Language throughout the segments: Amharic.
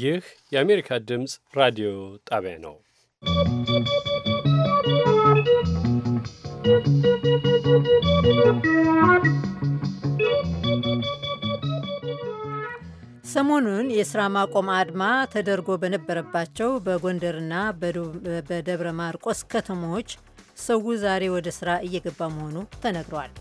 ይህ የአሜሪካ ድምፅ ራዲዮ ጣቢያ ነው። ሰሞኑን የሥራ ማቆም አድማ ተደርጎ በነበረባቸው በጎንደርና በደብረ ማርቆስ ከተሞች ሰው ዛሬ ወደ ሥራ እየገባ መሆኑ ተነግሯል።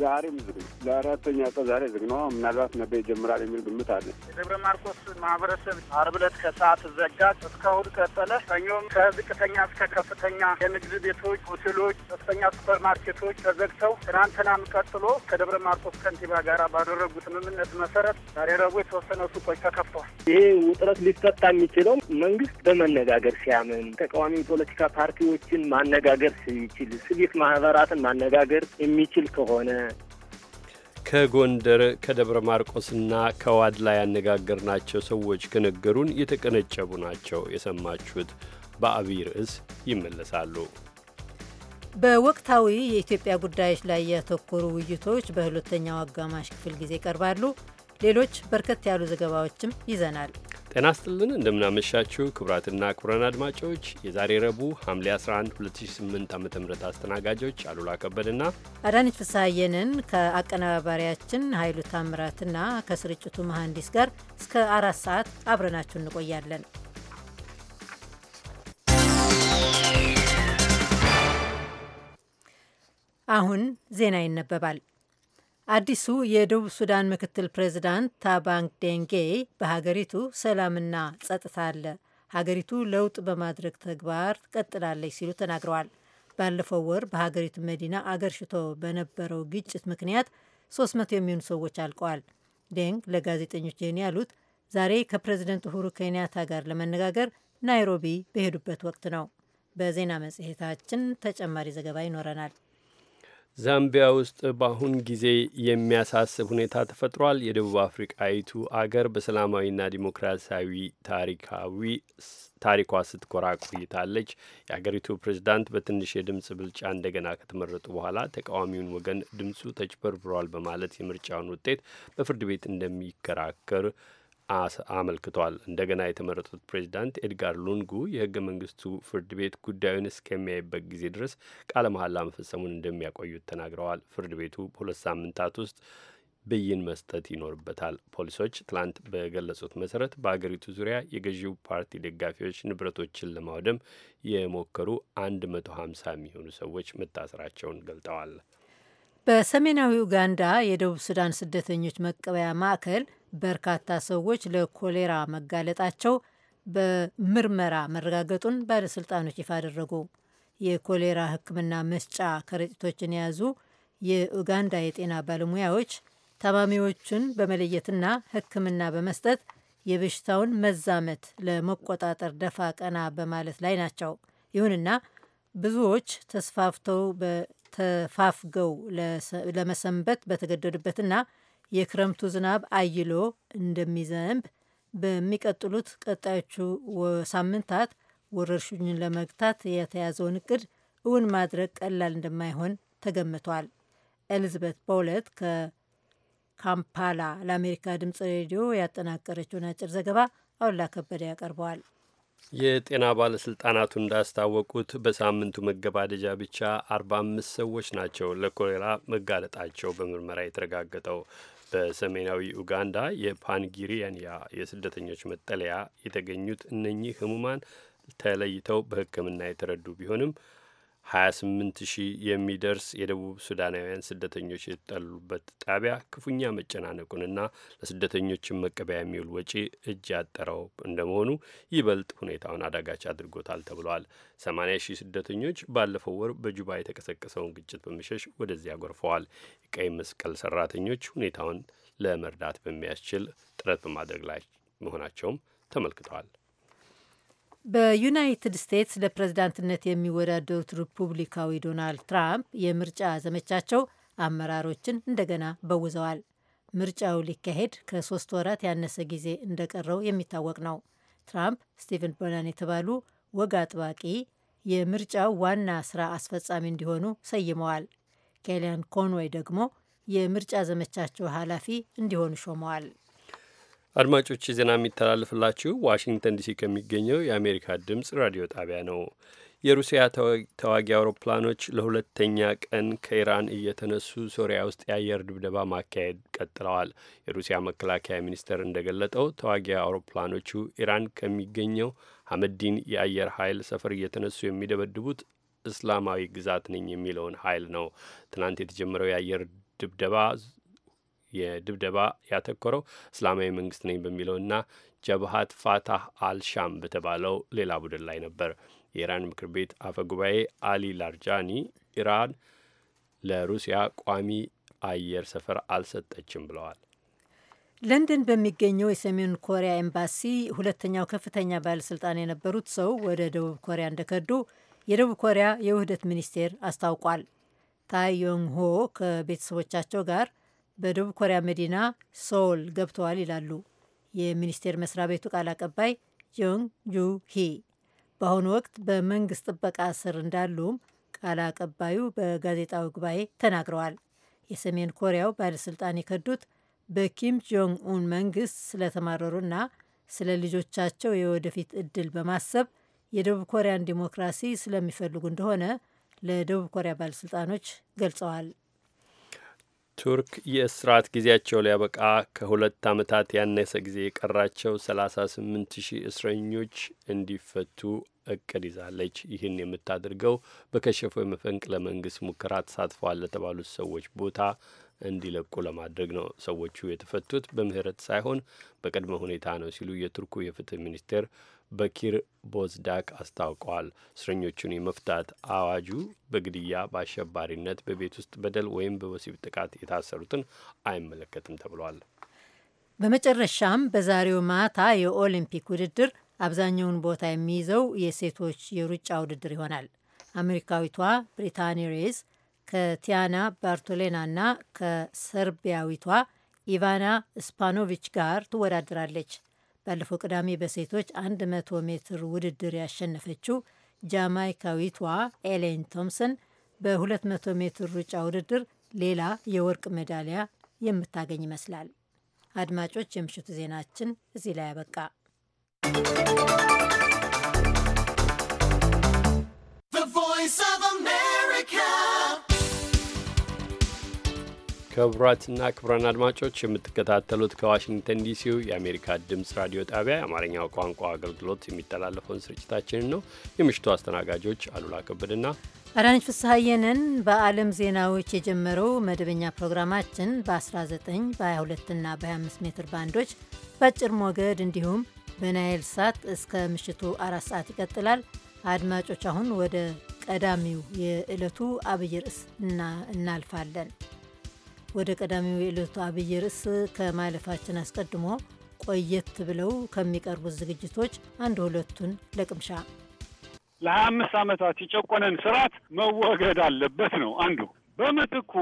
ዛሬም ዝግ ለአራተኛ ቀን ዛሬ ዝግ ነው። ምናልባት ነበ ይጀምራል የሚል ግምት አለ። የደብረ ማርቆስ ማህበረሰብ አርብ ዕለት ከሰዓት ዘጋ እስከ እሑድ ቀጠለ። ሰኞም ከዝቅተኛ እስከ ከፍተኛ የንግድ ቤቶች፣ ሆቴሎች፣ ከፍተኛ ሱፐር ማርኬቶች ተዘግተው ትናንትናም ቀጥሎ ከደብረ ማርቆስ ከንቲባ ጋር ባደረጉ ስምምነት መሰረት ዛሬ ረቡዕ የተወሰነ ሱቆች ተከፍተዋል። ይሄ ውጥረት ሊፈታ የሚችለው መንግስት በመነጋገር ሲያምን፣ ተቃዋሚ ፖለቲካ ፓርቲዎችን ማነጋገር ሲችል፣ ሲቪክ ማህበራትን ማነጋገር የሚችል ከሆነ ከጎንደር ከደብረ ማርቆስና ከዋድላ ያነጋገርናቸው ሰዎች ከነገሩን የተቀነጨቡ ናቸው የሰማችሁት። በአብይ ርዕስ ይመለሳሉ። በወቅታዊ የኢትዮጵያ ጉዳዮች ላይ ያተኮሩ ውይይቶች በሁለተኛው አጋማሽ ክፍል ጊዜ ይቀርባሉ። ሌሎች በርከት ያሉ ዘገባዎችም ይዘናል። ጤና ስጥልን እንደምናመሻችሁ ክቡራትና ክቡራን አድማጮች የዛሬ ረቡዕ ሐምሌ 11 2008 ዓ ም አስተናጋጆች አሉላ ከበድና አዳነች ፍስሐየንን ከአቀነባባሪያችን ኃይሉ ታምራትና ከስርጭቱ መሐንዲስ ጋር እስከ አራት ሰዓት አብረናችሁ እንቆያለን። አሁን ዜና ይነበባል። አዲሱ የደቡብ ሱዳን ምክትል ፕሬዚዳንት ታባንግ ዴንጌ በሀገሪቱ ሰላምና ጸጥታ አለ፣ ሀገሪቱ ለውጥ በማድረግ ተግባር ትቀጥላለች ሲሉ ተናግረዋል። ባለፈው ወር በሀገሪቱ መዲና አገር ሽቶ በነበረው ግጭት ምክንያት 300 የሚሆኑ ሰዎች አልቀዋል። ዴንግ ለጋዜጠኞች ይህን ያሉት ዛሬ ከፕሬዚደንት ሁሩ ኬንያታ ጋር ለመነጋገር ናይሮቢ በሄዱበት ወቅት ነው። በዜና መጽሔታችን ተጨማሪ ዘገባ ይኖረናል። ዛምቢያ ውስጥ በአሁን ጊዜ የሚያሳስብ ሁኔታ ተፈጥሯል። የደቡብ አፍሪቃዊቱ አገር በሰላማዊና ዲሞክራሲያዊ ታሪካዊ ታሪኳ ስትኮራ ቆይታለች። የአገሪቱ ፕሬዚዳንት በትንሽ የድምፅ ብልጫ እንደገና ከተመረጡ በኋላ ተቃዋሚውን ወገን ድምፁ ተጭበርብሯል በማለት የምርጫውን ውጤት በፍርድ ቤት እንደሚከራከር አመልክቷል። እንደገና የተመረጡት ፕሬዚዳንት ኤድጋር ሉንጉ የህገ መንግስቱ ፍርድ ቤት ጉዳዩን እስከሚያይበት ጊዜ ድረስ ቃለ መሐላ መፈጸሙን እንደሚያቆዩት ተናግረዋል። ፍርድ ቤቱ በሁለት ሳምንታት ውስጥ ብይን መስጠት ይኖርበታል። ፖሊሶች ትላንት በገለጹት መሰረት በአገሪቱ ዙሪያ የገዢው ፓርቲ ደጋፊዎች ንብረቶችን ለማውደም የሞከሩ 150 የሚሆኑ ሰዎች መታሰራቸውን ገልጠዋል። በሰሜናዊ ኡጋንዳ የደቡብ ሱዳን ስደተኞች መቀበያ ማዕከል በርካታ ሰዎች ለኮሌራ መጋለጣቸው በምርመራ መረጋገጡን ባለሥልጣኖች ይፋ አደረጉ። የኮሌራ ሕክምና መስጫ ከረጢቶችን የያዙ የኡጋንዳ የጤና ባለሙያዎች ታማሚዎቹን በመለየትና ሕክምና በመስጠት የበሽታውን መዛመት ለመቆጣጠር ደፋ ቀና በማለት ላይ ናቸው። ይሁንና ብዙዎች ተስፋፍተው ተፋፍገው ለመሰንበት በተገደዱበትና የክረምቱ ዝናብ አይሎ እንደሚዘንብ በሚቀጥሉት ቀጣዮቹ ሳምንታት ወረርሽኙን ለመግታት የተያዘውን እቅድ እውን ማድረግ ቀላል እንደማይሆን ተገምቷል። ኤልዝበት በሁለት ከካምፓላ ለአሜሪካ ድምፅ ሬዲዮ ያጠናቀረችውን አጭር ዘገባ አውላ ከበደ ያቀርበዋል። የጤና ባለስልጣናቱ እንዳስታወቁት በሳምንቱ መገባደጃ ብቻ አርባ አምስት ሰዎች ናቸው ለኮሌራ መጋለጣቸው በምርመራ የተረጋገጠው። በሰሜናዊ ኡጋንዳ የፓንጊሪያንያ የስደተኞች መጠለያ የተገኙት እነኚህ ህሙማን ተለይተው በሕክምና የተረዱ ቢሆንም 28 ሺህ የሚደርስ የደቡብ ሱዳናውያን ስደተኞች የተጠሉበት ጣቢያ ክፉኛ መጨናነቁንና ለስደተኞችን መቀበያ የሚውል ወጪ እጅ ያጠረው እንደመሆኑ ይበልጥ ሁኔታውን አዳጋች አድርጎታል ተብሏል። 80 ሺህ ስደተኞች ባለፈው ወር በጁባ የተቀሰቀሰውን ግጭት በመሸሽ ወደዚያ ጎርፈዋል። የቀይ መስቀል ሰራተኞች ሁኔታውን ለመርዳት በሚያስችል ጥረት በማድረግ ላይ መሆናቸውም ተመልክተዋል። በዩናይትድ ስቴትስ ለፕሬዝዳንትነት የሚወዳደሩት ሪፑብሊካዊ ዶናልድ ትራምፕ የምርጫ ዘመቻቸው አመራሮችን እንደገና በውዘዋል። ምርጫው ሊካሄድ ከሶስት ወራት ያነሰ ጊዜ እንደቀረው የሚታወቅ ነው። ትራምፕ ስቲቨን ቦናን የተባሉ ወግ አጥባቂ የምርጫው ዋና ስራ አስፈጻሚ እንዲሆኑ ሰይመዋል። ኬሊያን ኮንዌይ ደግሞ የምርጫ ዘመቻቸው ኃላፊ እንዲሆኑ ሾመዋል። አድማጮች ዜና የሚተላለፍላችሁ ዋሽንግተን ዲሲ ከሚገኘው የአሜሪካ ድምፅ ራዲዮ ጣቢያ ነው። የሩሲያ ተዋጊ አውሮፕላኖች ለሁለተኛ ቀን ከኢራን እየተነሱ ሶሪያ ውስጥ የአየር ድብደባ ማካሄድ ቀጥለዋል። የሩሲያ መከላከያ ሚኒስቴር እንደገለጠው ተዋጊ አውሮፕላኖቹ ኢራን ከሚገኘው ሀመዲን የአየር ኃይል ሰፈር እየተነሱ የሚደበድቡት እስላማዊ ግዛት ነኝ የሚለውን ኃይል ነው። ትናንት የተጀመረው የአየር ድብደባ የድብደባ ያተኮረው እስላማዊ መንግስት ነኝ በሚለውና ጀብሃት ፋታህ አልሻም በተባለው ሌላ ቡድን ላይ ነበር። የኢራን ምክር ቤት አፈ ጉባኤ አሊ ላርጃኒ ኢራን ለሩሲያ ቋሚ አየር ሰፈር አልሰጠችም ብለዋል። ለንደን በሚገኘው የሰሜን ኮሪያ ኤምባሲ ሁለተኛው ከፍተኛ ባለስልጣን የነበሩት ሰው ወደ ደቡብ ኮሪያ እንደከዱ የደቡብ ኮሪያ የውህደት ሚኒስቴር አስታውቋል። ታዮንግሆ ከቤተሰቦቻቸው ጋር በደቡብ ኮሪያ መዲና ሶል ገብተዋል ይላሉ የሚኒስቴር መስሪያ ቤቱ ቃል አቀባይ ጆንግ ጁ ሂ። በአሁኑ ወቅት በመንግስት ጥበቃ ስር እንዳሉም ቃል አቀባዩ በጋዜጣዊ ጉባኤ ተናግረዋል። የሰሜን ኮሪያው ባለስልጣን የከዱት በኪም ጆንግ ኡን መንግስት ስለተማረሩና ስለ ልጆቻቸው የወደፊት እድል በማሰብ የደቡብ ኮሪያን ዲሞክራሲ ስለሚፈልጉ እንደሆነ ለደቡብ ኮሪያ ባለስልጣኖች ገልጸዋል። ቱርክ የእስራት ጊዜያቸው ሊያበቃ ከሁለት ዓመታት ያነሰ ጊዜ የቀራቸው 38 ሺህ እስረኞች እንዲፈቱ እቅድ ይዛለች። ይህን የምታደርገው በከሸፈው የመፈንቅለ መንግስት ሙከራ ተሳትፈዋል ለተባሉት ሰዎች ቦታ እንዲለቁ ለማድረግ ነው። ሰዎቹ የተፈቱት በምህረት ሳይሆን በቅድመ ሁኔታ ነው ሲሉ የቱርኩ የፍትህ ሚኒስቴር በኪር ቦዝዳክ አስታውቀዋል። እስረኞቹን የመፍታት አዋጁ በግድያ በአሸባሪነት፣ በቤት ውስጥ በደል ወይም በወሲብ ጥቃት የታሰሩትን አይመለከትም ተብሏል። በመጨረሻም በዛሬው ማታ የኦሊምፒክ ውድድር አብዛኛውን ቦታ የሚይዘው የሴቶች የሩጫ ውድድር ይሆናል። አሜሪካዊቷ ብሪታኒ ሬዝ ከቲያና ባርቶሌና ና ከሰርቢያዊቷ ኢቫና ስፓኖቪች ጋር ትወዳድራለች። ባለፈው ቅዳሜ በሴቶች 100 ሜትር ውድድር ያሸነፈችው ጃማይካዊቷ ኤሌን ቶምሰን በ200 ሜትር ሩጫ ውድድር ሌላ የወርቅ ሜዳሊያ የምታገኝ ይመስላል። አድማጮች፣ የምሽቱ ዜናችን እዚህ ላይ ያበቃ። ቮይስ ኦፍ አሜሪካ ክቡራትና ክቡራን አድማጮች የምትከታተሉት ከዋሽንግተን ዲሲው የአሜሪካ ድምፅ ራዲዮ ጣቢያ የአማርኛው ቋንቋ አገልግሎት የሚተላለፈውን ስርጭታችንን ነው። የምሽቱ አስተናጋጆች አሉላ ከበድና አዳነች ፍስሐየንን። በዓለም ዜናዎች የጀመረው መደበኛ ፕሮግራማችን በ19 በ22ና በ25 ሜትር ባንዶች በአጭር ሞገድ እንዲሁም በናይል ሳት እስከ ምሽቱ አራት ሰዓት ይቀጥላል። አድማጮች አሁን ወደ ቀዳሚው የዕለቱ አብይ ርዕስ እናልፋለን። ወደ ቀዳሚው የዕለቱ አብይ ርዕስ ከማለፋችን አስቀድሞ ቆየት ብለው ከሚቀርቡት ዝግጅቶች አንድ ሁለቱን ለቅምሻ ለሀያ አምስት ዓመታት የጨቆነን ስርዓት መወገድ አለበት ነው አንዱ። በምትኩ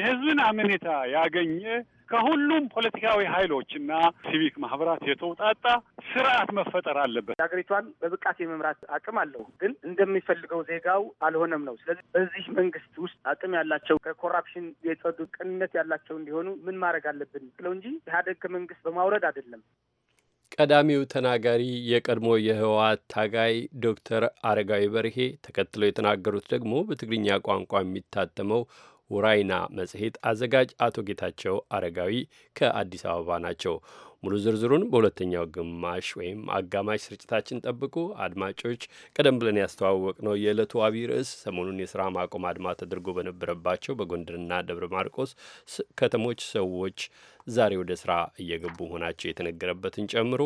የህዝብን አመኔታ ያገኘ ከሁሉም ፖለቲካዊ ኃይሎችና ሲቪክ ማህበራት የተውጣጣ ስርዓት መፈጠር አለበት። ሀገሪቷን በብቃት የመምራት አቅም አለው፣ ግን እንደሚፈልገው ዜጋው አልሆነም ነው። ስለዚህ በዚህ መንግስት ውስጥ አቅም ያላቸው ከኮራፕሽን የጸዱ ቅንነት ያላቸው እንዲሆኑ ምን ማድረግ አለብን ብለው እንጂ ኢህአዴግ ከመንግስት በማውረድ አይደለም። ቀዳሚው ተናጋሪ የቀድሞ የህወሓት ታጋይ ዶክተር አረጋዊ በርሄ ተከትለው የተናገሩት ደግሞ በትግርኛ ቋንቋ የሚታተመው ውራይና መጽሔት አዘጋጅ አቶ ጌታቸው አረጋዊ ከአዲስ አበባ ናቸው። ሙሉ ዝርዝሩን በሁለተኛው ግማሽ ወይም አጋማሽ ስርጭታችን ጠብቁ። አድማጮች፣ ቀደም ብለን ያስተዋወቅ ነው የዕለቱ አብይ ርዕስ ሰሞኑን የስራ ማቆም አድማ ተደርጎ በነበረባቸው በጎንደርና ደብረ ማርቆስ ከተሞች ሰዎች ዛሬ ወደ ስራ እየገቡ መሆናቸው የተነገረበትን ጨምሮ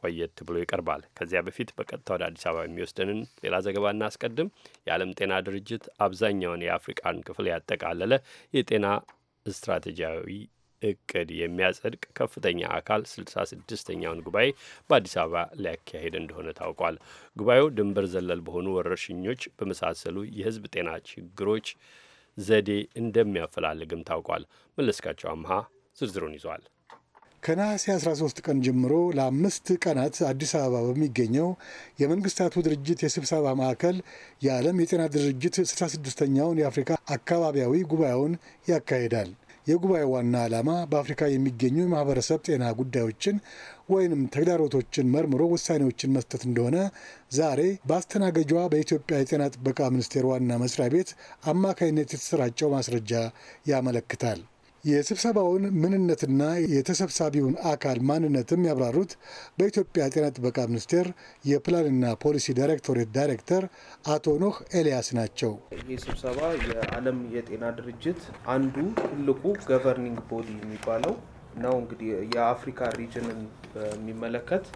ቆየት ብሎ ይቀርባል። ከዚያ በፊት በቀጥታ ወደ አዲስ አበባ የሚወስደንን ሌላ ዘገባ እናስቀድም። የዓለም ጤና ድርጅት አብዛኛውን የአፍሪቃን ክፍል ያጠቃለለ የጤና ስትራቴጂያዊ እቅድ የሚያጸድቅ ከፍተኛ አካል ስልሳ ስድስተኛውን ጉባኤ በአዲስ አበባ ሊያካሄድ እንደሆነ ታውቋል። ጉባኤው ድንበር ዘለል በሆኑ ወረርሽኞች በመሳሰሉ የህዝብ ጤና ችግሮች ዘዴ እንደሚያፈላልግም ታውቋል። መለስካቸው አምሃ ዝርዝሩን ይዟል። ከነሐሴ 13 ቀን ጀምሮ ለአምስት ቀናት አዲስ አበባ በሚገኘው የመንግስታቱ ድርጅት የስብሰባ ማዕከል የዓለም የጤና ድርጅት 66ኛውን የአፍሪካ አካባቢያዊ ጉባኤውን ያካሂዳል። የጉባኤ ዋና ዓላማ በአፍሪካ የሚገኙ የማህበረሰብ ጤና ጉዳዮችን ወይንም ተግዳሮቶችን መርምሮ ውሳኔዎችን መስጠት እንደሆነ ዛሬ በአስተናገጇ በኢትዮጵያ የጤና ጥበቃ ሚኒስቴር ዋና መስሪያ ቤት አማካይነት የተሰራጨው ማስረጃ ያመለክታል። የስብሰባውን ምንነትና የተሰብሳቢውን አካል ማንነትም ያብራሩት በኢትዮጵያ ጤና ጥበቃ ሚኒስቴር የፕላንና ፖሊሲ ዳይሬክቶሬት ዳይሬክተር አቶ ኖህ ኤልያስ ናቸው። ይህ ስብሰባ የዓለም የጤና ድርጅት አንዱ ትልቁ ገቨርኒንግ ቦዲ የሚባለው ነው። እንግዲህ የአፍሪካ ሪጅንን በሚመለከት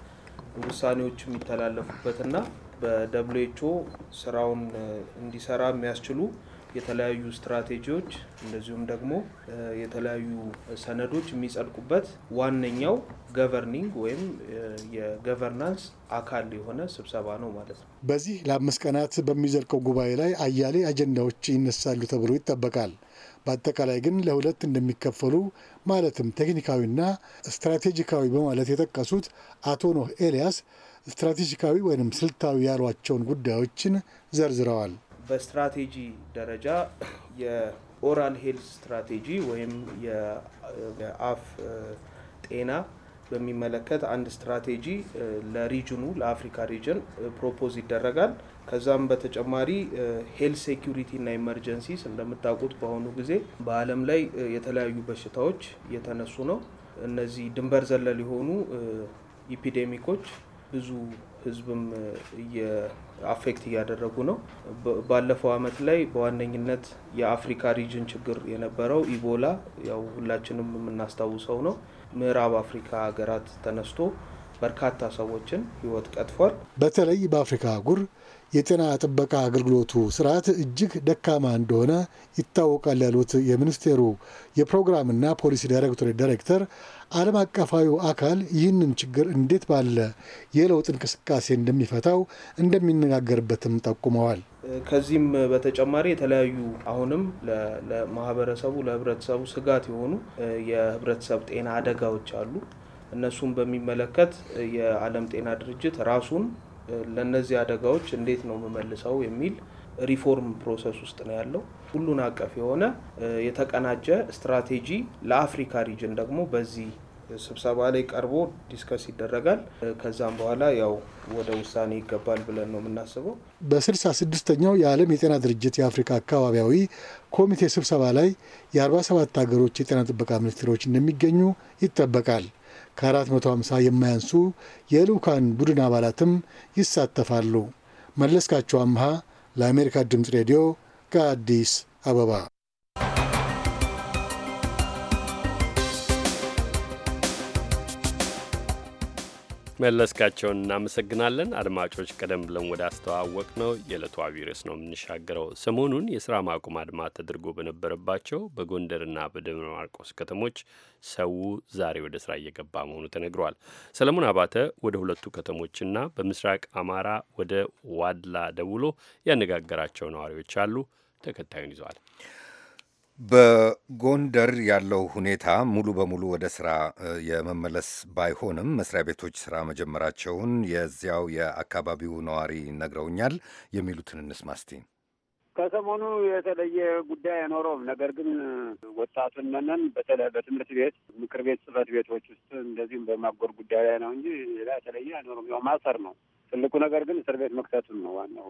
ውሳኔዎች የሚተላለፉበትና በደብሊው ስራውን እንዲሰራ የሚያስችሉ የተለያዩ ስትራቴጂዎች እንደዚሁም ደግሞ የተለያዩ ሰነዶች የሚጸድቁበት ዋነኛው ገቨርኒንግ ወይም የገቨርናንስ አካል የሆነ ስብሰባ ነው ማለት ነው። በዚህ ለአምስት ቀናት በሚዘልቀው ጉባኤ ላይ አያሌ አጀንዳዎች ይነሳሉ ተብሎ ይጠበቃል። በአጠቃላይ ግን ለሁለት እንደሚከፈሉ ማለትም ቴክኒካዊና ስትራቴጂካዊ በማለት የጠቀሱት አቶ ኖህ ኤልያስ ስትራቴጂካዊ ወይም ስልታዊ ያሏቸውን ጉዳዮችን ዘርዝረዋል። በስትራቴጂ ደረጃ የኦራል ሄልዝ ስትራቴጂ ወይም የአፍ ጤና በሚመለከት አንድ ስትራቴጂ ለሪጅኑ ለአፍሪካ ሪጅን ፕሮፖዝ ይደረጋል። ከዛም በተጨማሪ ሄልት ሴኩሪቲ እና ኢመርጀንሲስ እንደምታውቁት በአሁኑ ጊዜ በዓለም ላይ የተለያዩ በሽታዎች እየተነሱ ነው። እነዚህ ድንበር ዘለል የሆኑ ኢፒዴሚኮች ብዙ ህዝብም አፌክት እያደረጉ ነው። ባለፈው አመት ላይ በዋነኝነት የአፍሪካ ሪጅን ችግር የነበረው ኢቦላ ያው ሁላችንም የምናስታውሰው ነው። ምዕራብ አፍሪካ ሀገራት ተነስቶ በርካታ ሰዎችን ህይወት ቀጥፏል። በተለይ በአፍሪካ አህጉር የጤና ጥበቃ አገልግሎቱ ስርዓት እጅግ ደካማ እንደሆነ ይታወቃል ያሉት የሚኒስቴሩ የፕሮግራምና ፖሊሲ ዳይሬክቶሬት ዳይሬክተር ዓለም አቀፋዊ አካል ይህንን ችግር እንዴት ባለ የለውጥ እንቅስቃሴ እንደሚፈታው እንደሚነጋገርበትም ጠቁመዋል። ከዚህም በተጨማሪ የተለያዩ አሁንም ለማህበረሰቡ ለህብረተሰቡ ስጋት የሆኑ የህብረተሰብ ጤና አደጋዎች አሉ። እነሱን በሚመለከት የዓለም ጤና ድርጅት ራሱን ለእነዚህ አደጋዎች እንዴት ነው የምመልሰው የሚል ሪፎርም ፕሮሰስ ውስጥ ነው ያለው። ሁሉን አቀፍ የሆነ የተቀናጀ ስትራቴጂ ለአፍሪካ ሪጅን ደግሞ በዚህ ስብሰባ ላይ ቀርቦ ዲስከስ ይደረጋል። ከዛም በኋላ ያው ወደ ውሳኔ ይገባል ብለን ነው የምናስበው። በስልሳ ስድስተኛው የዓለም የጤና ድርጅት የአፍሪካ አካባቢያዊ ኮሚቴ ስብሰባ ላይ የአርባ ሰባት ሀገሮች የጤና ጥበቃ ሚኒስትሮች እንደሚገኙ ይጠበቃል። ከ450 የማያንሱ የልዑካን ቡድን አባላትም ይሳተፋሉ። መለስካቸው አምሃ ለአሜሪካ ድምፅ ሬዲዮ ከአዲስ አበባ መለስካቸውን እናመሰግናለን። አድማጮች፣ ቀደም ብለን ወደ አስተዋወቅ ነው የዕለቱ አቢሬስ ነው የምንሻገረው። ሰሞኑን የስራ ማቆም አድማ ተደርጎ በነበረባቸው በጎንደርና በደብረ ማርቆስ ከተሞች ሰው ዛሬ ወደ ስራ እየገባ መሆኑ ተነግሯል። ሰለሞን አባተ ወደ ሁለቱ ከተሞችና በምስራቅ አማራ ወደ ዋድላ ደውሎ ያነጋገራቸው ነዋሪዎች አሉ። ተከታዩን ይዘዋል። በጎንደር ያለው ሁኔታ ሙሉ በሙሉ ወደ ስራ የመመለስ ባይሆንም መስሪያ ቤቶች ስራ መጀመራቸውን የዚያው የአካባቢው ነዋሪ ነግረውኛል። የሚሉትን እንስማ እስቲ። ከሰሞኑ የተለየ ጉዳይ አይኖረውም። ነገር ግን ወጣቱን መነን በተለይ በትምህርት ቤት ምክር ቤት ጽሕፈት ቤቶች ውስጥ እንደዚሁም በማጎር ጉዳይ ላይ ነው እንጂ ሌላ የተለየ አይኖረውም። ያው ማሰር ነው ትልቁ ነገር ግን እስር ቤት መክተቱን ነው ዋናው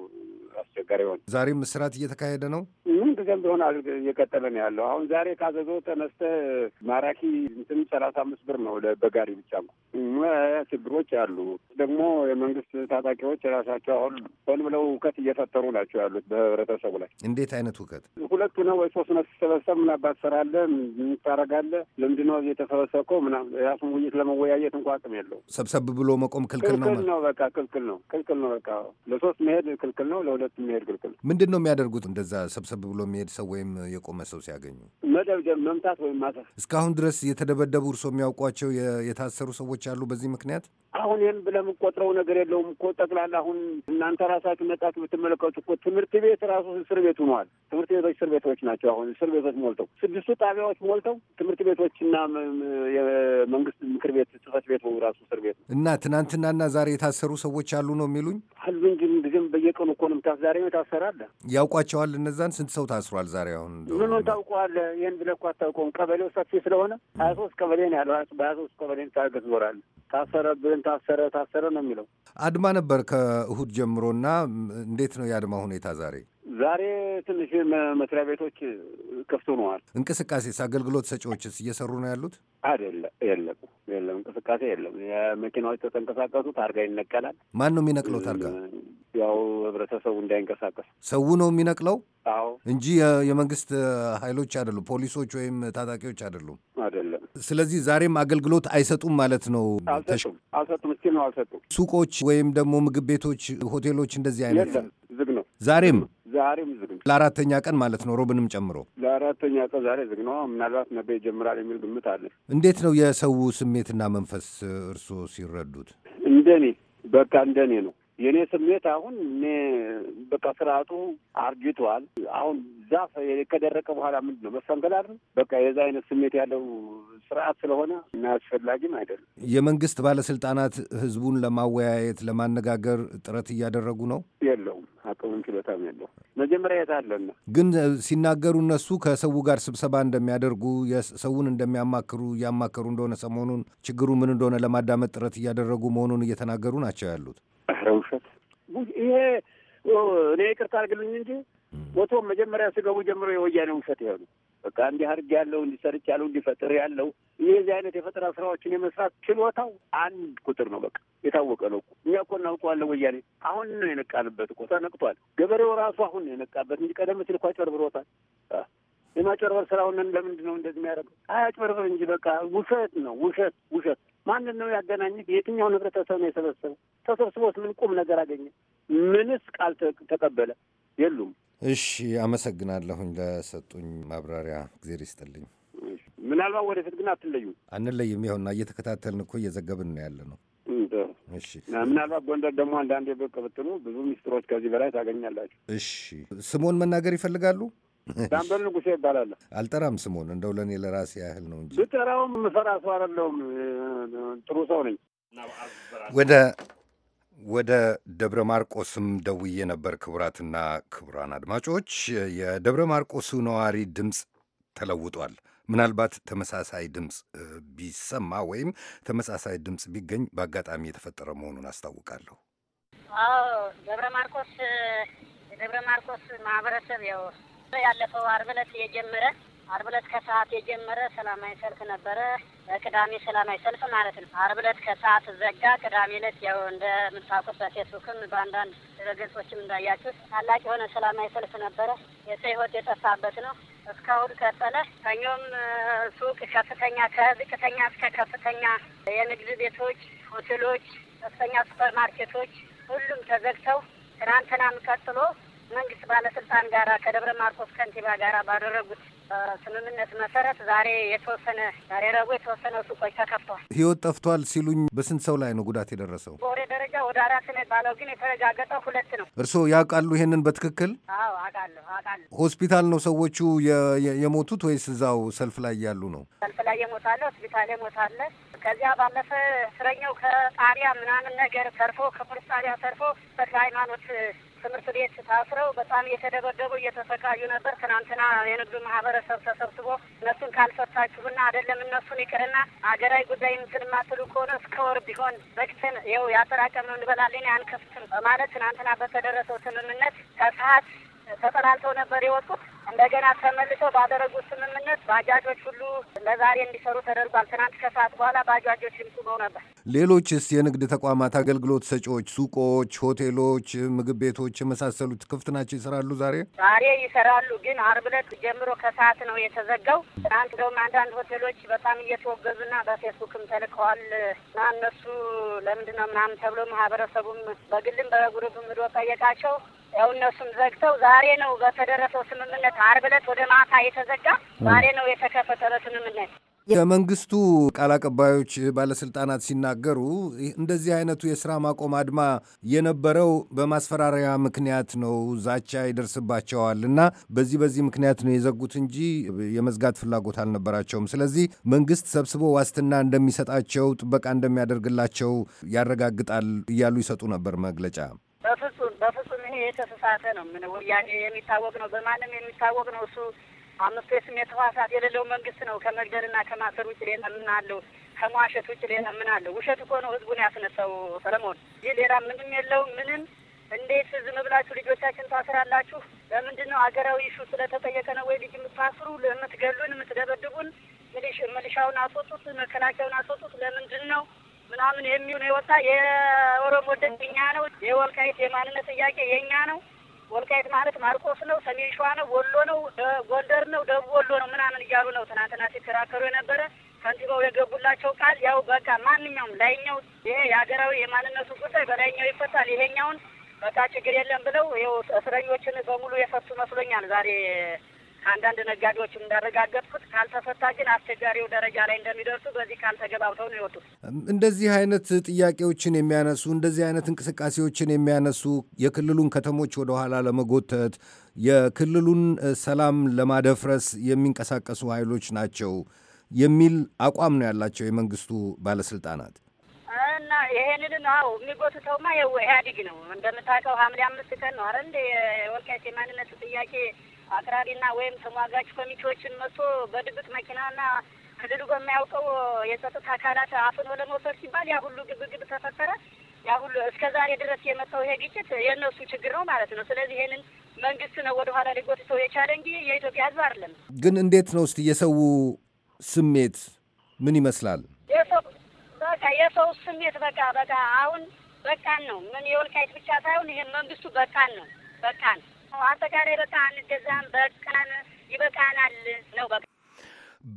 አስቸጋሪ የሆነ። ዛሬም እስራት እየተካሄደ ነው። ምን ጊዜም ቢሆን እየቀጠለ ነው ያለው። አሁን ዛሬ ካዘዞ ተነስተ ማራኪ እንትን ሰላሳ አምስት ብር ነው በጋሪ ብቻ ችግሮች አሉ። ደግሞ የመንግስት ታጣቂዎች ራሳቸው አሁን ሆን ብለው እውከት እየፈጠሩ ናቸው ያሉት በህብረተሰቡ ላይ። እንዴት አይነት እውከት? ሁለቱ ነው ወይ ሶስት ነው ሲሰበሰብ ምናባት ሰራለ ስራለ ምን ለምንድነው የተሰበሰብከው? ምናምን ያሱን ውይይት ለመወያየት እንኳ አቅም የለው። ሰብሰብ ብሎ መቆም ክልክል ነው ነው በቃ ክልክል ነው፣ ክልክል ነው። በቃ ለሶስት መሄድ ክልክል ነው፣ ለሁለት መሄድ ክልክል ነው። ምንድን ነው የሚያደርጉት? እንደዛ ሰብሰብ ብሎ የሚሄድ ሰው ወይም የቆመ ሰው ሲያገኙ መደብደብ፣ መምታት ወይም ማሰር። እስካሁን ድረስ የተደበደቡ እርስዎ የሚያውቋቸው የታሰሩ ሰዎች አሉ በዚህ ምክንያት? አሁን ይህም ብለህ የምቆጥረው ነገር የለውም እኮ ጠቅላላ። አሁን እናንተ ራሳችሁ መጣችሁ ብትመለከቱ እኮ ትምህርት ቤት ራሱ እስር ቤት ሆኗል። ትምህርት ቤቶች እስር ቤቶች ናቸው። አሁን እስር ቤቶች ሞልተው ስድስቱ ጣቢያዎች ሞልተው ትምህርት ቤቶችና የመንግስት ምክር ቤት ጽህፈት ቤት ራሱ እስር ቤት ነው። እና ትናንትናና ዛሬ የታሰሩ ሰዎች አሉ ነው የሚሉኝ አሉ እንጂ ጊዜም በየቀኑ እኮ ነው ምታስ ዛሬ የታሰራለ ያውቋቸዋል። እነዛን ስንት ሰው ታስሯል ዛሬ? አሁን ምኑን ታውቀዋለህ? ይህን ብለህ እኮ አታውቀውም። ቀበሌው ሰፊ ስለሆነ ሀያ ሶስት ቀበሌ ነው ያለው። በሀያ ሶስት ቀበሌን ታገዝ ዞራለህ ታሰረብን፣ ታሰረ፣ ታሰረ ነው የሚለው። አድማ ነበር ከእሁድ ጀምሮና እንዴት ነው የአድማ ሁኔታ ዛሬ? ዛሬ ትንሽ መስሪያ ቤቶች ክፍት ሆነዋል። እንቅስቃሴስ አገልግሎት ሰጪዎችስ እየሰሩ ነው ያሉት? አይደለም፣ የለም፣ የለም፣ እንቅስቃሴ የለም። የመኪናዎች ተተንቀሳቀሱ፣ ታርጋ ይነቀላል። ማን ነው የሚነቅለው ታርጋ? ያው ህብረተሰቡ እንዳይንቀሳቀስ ሰው ነው የሚነቅለው። አዎ እንጂ የመንግስት ኃይሎች አይደሉም፣ ፖሊሶች ወይም ታጣቂዎች አይደሉም። አይደለም ስለዚህ ዛሬም አገልግሎት አይሰጡም ማለት ነው? አልሰጡም፣ አልሰጡም። እስኪ ነው አልሰጡም። ሱቆች ወይም ደግሞ ምግብ ቤቶች፣ ሆቴሎች እንደዚህ አይነት ዝግ ነው ዛሬም ዛሬም ዝግ ነው። ለአራተኛ ቀን ማለት ነው ሮብንም ጨምሮ ለአራተኛ ቀን ዛሬ ዝግ ነው። ምናልባት ነገ ይጀምራል የሚል ግምት አለ። እንዴት ነው የሰው ስሜትና መንፈስ እርስዎ ሲረዱት? እንደኔ በቃ እንደኔ ነው የእኔ ስሜት አሁን እኔ በቃ ስርዓቱ አርጅቷል። አሁን ዛፍ ከደረቀ በኋላ ምንድን ነው መሰንገላል። በቃ የዛ አይነት ስሜት ያለው ስርዓት ስለሆነ እና አስፈላጊም አይደለም። የመንግስት ባለስልጣናት ህዝቡን ለማወያየት ለማነጋገር ጥረት እያደረጉ ነው። የለውም አቅምም ችሎታም የለው። መጀመሪያ የት አለና ግን ሲናገሩ እነሱ ከሰው ጋር ስብሰባ እንደሚያደርጉ ሰውን እንደሚያማክሩ እያማከሩ እንደሆነ ሰሞኑን ችግሩ ምን እንደሆነ ለማዳመጥ ጥረት እያደረጉ መሆኑን እየተናገሩ ናቸው ያሉት ኧረ ውሸት ይሄ እኔ ይቅርታ አድርግልኝ እንጂ ወቶም መጀመሪያ ስገቡ ጀምሮ የወያኔ ውሸት ይሆኑ በቃ እንዲህ አድርግ ያለው እንዲሰርች ያለው እንዲፈጥር ያለው ይህ የዚህ አይነት የፈጠራ ስራዎችን የመስራት ችሎታው አንድ ቁጥር ነው። በቃ የታወቀ ነው። እኛ እኮ እናውቀዋለን። ወያኔ አሁን ነው የነቃንበት እኮ ተነቅቷል። ገበሬው ራሱ አሁን ነው የነቃበት እንጂ ቀደም ሲል እኮ ጨርብሮታል። የማጭበርበር ስራውን ለምንድን ነው እንደዚህ የሚያደርገው? አያጭበርበር እንጂ በቃ ውሸት ነው ውሸት ውሸት። ማንን ነው ያገናኙት? የትኛው ህብረተሰብ ነው የሰበሰበ? ተሰብስቦስ ምን ቁም ነገር አገኘ? ምንስ ቃል ተቀበለ? የሉም። እሺ፣ አመሰግናለሁኝ ለሰጡኝ ማብራሪያ፣ እግዜር ይስጥልኝ። ምናልባት ወደፊት ግን አትለዩ አንለይም። ይኸውና እየተከታተልን እኮ እየዘገብን ነው ያለ ነው። እሺ ምናልባት ጎንደር ደግሞ አንዳንድ የበቅ ብትሉ ብዙ ሚስጥሮች ከዚህ በላይ ታገኛላችሁ። እሺ ስሙን መናገር ይፈልጋሉ? ዳምበል ንጉሴ ይባላል። አልጠራም ስሙን እንደው ለእኔ ለራሴ ያህል ነው እንጂ ብጠራውም ምፈራ ሰው አይደለሁም። ጥሩ ሰው ነኝ። ወደ ወደ ደብረ ማርቆስም ደውዬ ነበር። ክቡራትና ክቡራን አድማጮች የደብረ ማርቆሱ ነዋሪ ድምፅ ተለውጧል። ምናልባት ተመሳሳይ ድምፅ ቢሰማ ወይም ተመሳሳይ ድምፅ ቢገኝ በአጋጣሚ የተፈጠረ መሆኑን አስታውቃለሁ። ደብረ ማርቆስ የደብረ ማርቆስ ማህበረሰብ ያው ያለፈው አርብ ዕለት የጀመረ አርብ ዕለት ከሰዓት የጀመረ ሰላማዊ ሰልፍ ነበረ። ቅዳሜ ሰላማዊ ሰልፍ ማለት ነው። አርብ ዕለት ከሰዓት ዘጋ። ቅዳሜ ዕለት ያው እንደምታውቁት በፌስቡክም በአንዳንድ ድረገጾችም እንዳያችሁት ታላቅ የሆነ ሰላማዊ ሰልፍ ነበረ። የሰው ሕይወት የጠፋበት ነው። እስካሁን ቀጠለ። ሰኞም ሱቅ ከፍተኛ ከዝቅተኛ እስከ ከፍተኛ የንግድ ቤቶች፣ ሆቴሎች፣ ከፍተኛ ሱፐር ማርኬቶች ሁሉም ተዘግተው ትናንትናም ቀጥሎ መንግስት ባለስልጣን ጋር ከደብረ ማርቆስ ከንቲባ ጋር ባደረጉት ስምምነት መሰረት ዛሬ የተወሰነ ዛሬ ረቡዕ የተወሰነ ሱቆች ተከፍቷል። ህይወት ጠፍቷል ሲሉኝ በስንት ሰው ላይ ነው ጉዳት የደረሰው? በወሬ ደረጃ ወደ አራት ነው ባለው፣ ግን የተረጋገጠው ሁለት ነው። እርስዎ ያውቃሉ ይሄንን በትክክል? አዎ አውቃለሁ አውቃለሁ። ሆስፒታል ነው ሰዎቹ የሞቱት ወይስ እዛው ሰልፍ ላይ ያሉ ነው? ሰልፍ ላይ የሞታለ ሆስፒታል የሞታለ ከዚያ ባለፈ እስረኛው ከጣሪያ ምናምን ነገር ተርፎ ከፖሊስ ጣሪያ ተርፎ ተክለ ሃይማኖት ትምህርት ቤት ታስረው በጣም እየተደበደቡ እየተሰቃዩ ነበር። ትናንትና የንግዱ ማህበረሰብ ተሰብስቦ እነሱን ካልፈታችሁና አይደለም እነሱን ይቅርና ሀገራዊ ጉዳይ እንትን የማትሉ ከሆነ እስከ ወር ቢሆን በቅትን ይኸው ያጠራቀምነው እንበላለን አንከፍትም በማለት ትናንትና በተደረሰው ስምምነት ከሰዓት ተጠላልተው ነበር የወጡት። እንደገና ተመልሰው ባደረጉት ስምምነት ባጃጆች ሁሉ ለዛሬ እንዲሰሩ ተደርጓል። ትናንት ከሰዓት በኋላ ባጃጆች ቆመው ነበር። ሌሎችስ የንግድ ተቋማት አገልግሎት ሰጪዎች፣ ሱቆች፣ ሆቴሎች፣ ምግብ ቤቶች የመሳሰሉት ክፍት ናቸው፣ ይሰራሉ። ዛሬ ዛሬ ይሰራሉ፣ ግን አርብ ዕለት ጀምሮ ከሰዓት ነው የተዘጋው። ትናንት ደውም አንዳንድ ሆቴሎች በጣም እየተወገዙና በፌስቡክም ተልከዋል እና እነሱ ለምንድን ነው ምናምን ተብሎ ማህበረሰቡም በግልም በጉርብም ሄዶ ጠየቃቸው። ያው እነሱም ዘግተው ዛሬ ነው በተደረሰው ስምምነት ዓርብ ዕለት ወደ ማታ የተዘጋ ዛሬ ነው የተከፈተ በስምምነት። የመንግስቱ ቃል አቀባዮች ባለስልጣናት ሲናገሩ እንደዚህ አይነቱ የስራ ማቆም አድማ የነበረው በማስፈራሪያ ምክንያት ነው፣ ዛቻ ይደርስባቸዋል እና በዚህ በዚህ ምክንያት ነው የዘጉት እንጂ የመዝጋት ፍላጎት አልነበራቸውም። ስለዚህ መንግስት ሰብስቦ ዋስትና እንደሚሰጣቸው፣ ጥበቃ እንደሚያደርግላቸው ያረጋግጣል እያሉ ይሰጡ ነበር መግለጫ። በፍጹም በፍጹም ይሄ የተሳሳተ ነው። ምን ወያኔ የሚታወቅ ነው፣ በማንም የሚታወቅ ነው። እሱ አምስቱ የስሜት ህዋሳት የሌለው መንግስት ነው። ከመግደልና ከማሰር ውጭ ሌላ ምን አለው? ከመዋሸት ውጭ ሌላ ምን አለው? ውሸት እኮ ነው ህዝቡን ያስነሳው ሰለሞን። ይህ ሌላ ምንም የለው ምንም እንዴት ዝም ብላችሁ ልጆቻችን ታስራላችሁ? ለምንድን ነው አገራዊ ሹ ስለተጠየቀ ነው ወይ ልጅ የምታስሩ? የምትገሉን፣ የምትደበድቡን፣ ምልሻውን አስወጡት፣ መከላከያውን አስወጡት። ለምንድን ነው ምናምን የሚሉ የወጣ የኦሮሞ ደግ እኛ ነው። የወልቃይት የማንነት ጥያቄ የኛ ነው። ወልቃይት ማለት ማርቆስ ነው፣ ሰሜን ሸዋ ነው፣ ወሎ ነው፣ ጎንደር ነው፣ ደቡብ ወሎ ነው ምናምን እያሉ ነው ትናንትና ሲከራከሩ የነበረ። ከንቲባው የገቡላቸው ቃል ያው በቃ ማንኛውም ላይኛው ይሄ የሀገራዊ የማንነቱ ጉዳይ በላይኛው ይፈታል፣ ይሄኛውን በቃ ችግር የለም ብለው ይኸው እስረኞችን በሙሉ የፈቱ መስሎኛል ዛሬ አንዳንድ ነጋዴዎችም እንዳረጋገጥኩት ካልተፈታ ግን አስቸጋሪው ደረጃ ላይ እንደሚደርሱ በዚህ ካልተገባብተው ነው የወጡት። እንደዚህ አይነት ጥያቄዎችን የሚያነሱ እንደዚህ አይነት እንቅስቃሴዎችን የሚያነሱ የክልሉን ከተሞች ወደኋላ ለመጎተት የክልሉን ሰላም ለማደፍረስ የሚንቀሳቀሱ ኃይሎች ናቸው የሚል አቋም ነው ያላቸው የመንግስቱ ባለስልጣናት እና ይሄንን አዎ የሚጎትተውማ ይኸው ኢህአዴግ ነው እንደምታውቀው ሐምሌ አምስት ቀን ነው አረ እንደ የወልቃይት የማንነት ጥያቄ አቅራሪና ወይም ተሟጋች ኮሚቴዎችን መጥቶ በድብቅ መኪናና ክልሉ በማያውቀው የጸጥታ አካላት አፍኖ ለመውሰድ ሲባል ያ ሁሉ ግብግብ ተፈጠረ። ያ ሁሉ እስከ ዛሬ ድረስ የመጣው ይሄ ግጭት የእነሱ ችግር ነው ማለት ነው። ስለዚህ ይህንን መንግስት ነው ወደኋላ ሊጎትተው የቻለ እንጂ የኢትዮጵያ ህዝብ አይደለም። ግን እንዴት ነው እስቲ የሰው ስሜት ምን ይመስላል? የሰው በቃ የሰው ስሜት በቃ በቃ አሁን በቃን ነው ምን የወልቃይት ብቻ ሳይሆን ይሄ መንግስቱ በቃን ነው በቃን አጠቃላይ በቃ አንገዛም፣ በቃን፣ ይበቃናል ነው በቃ።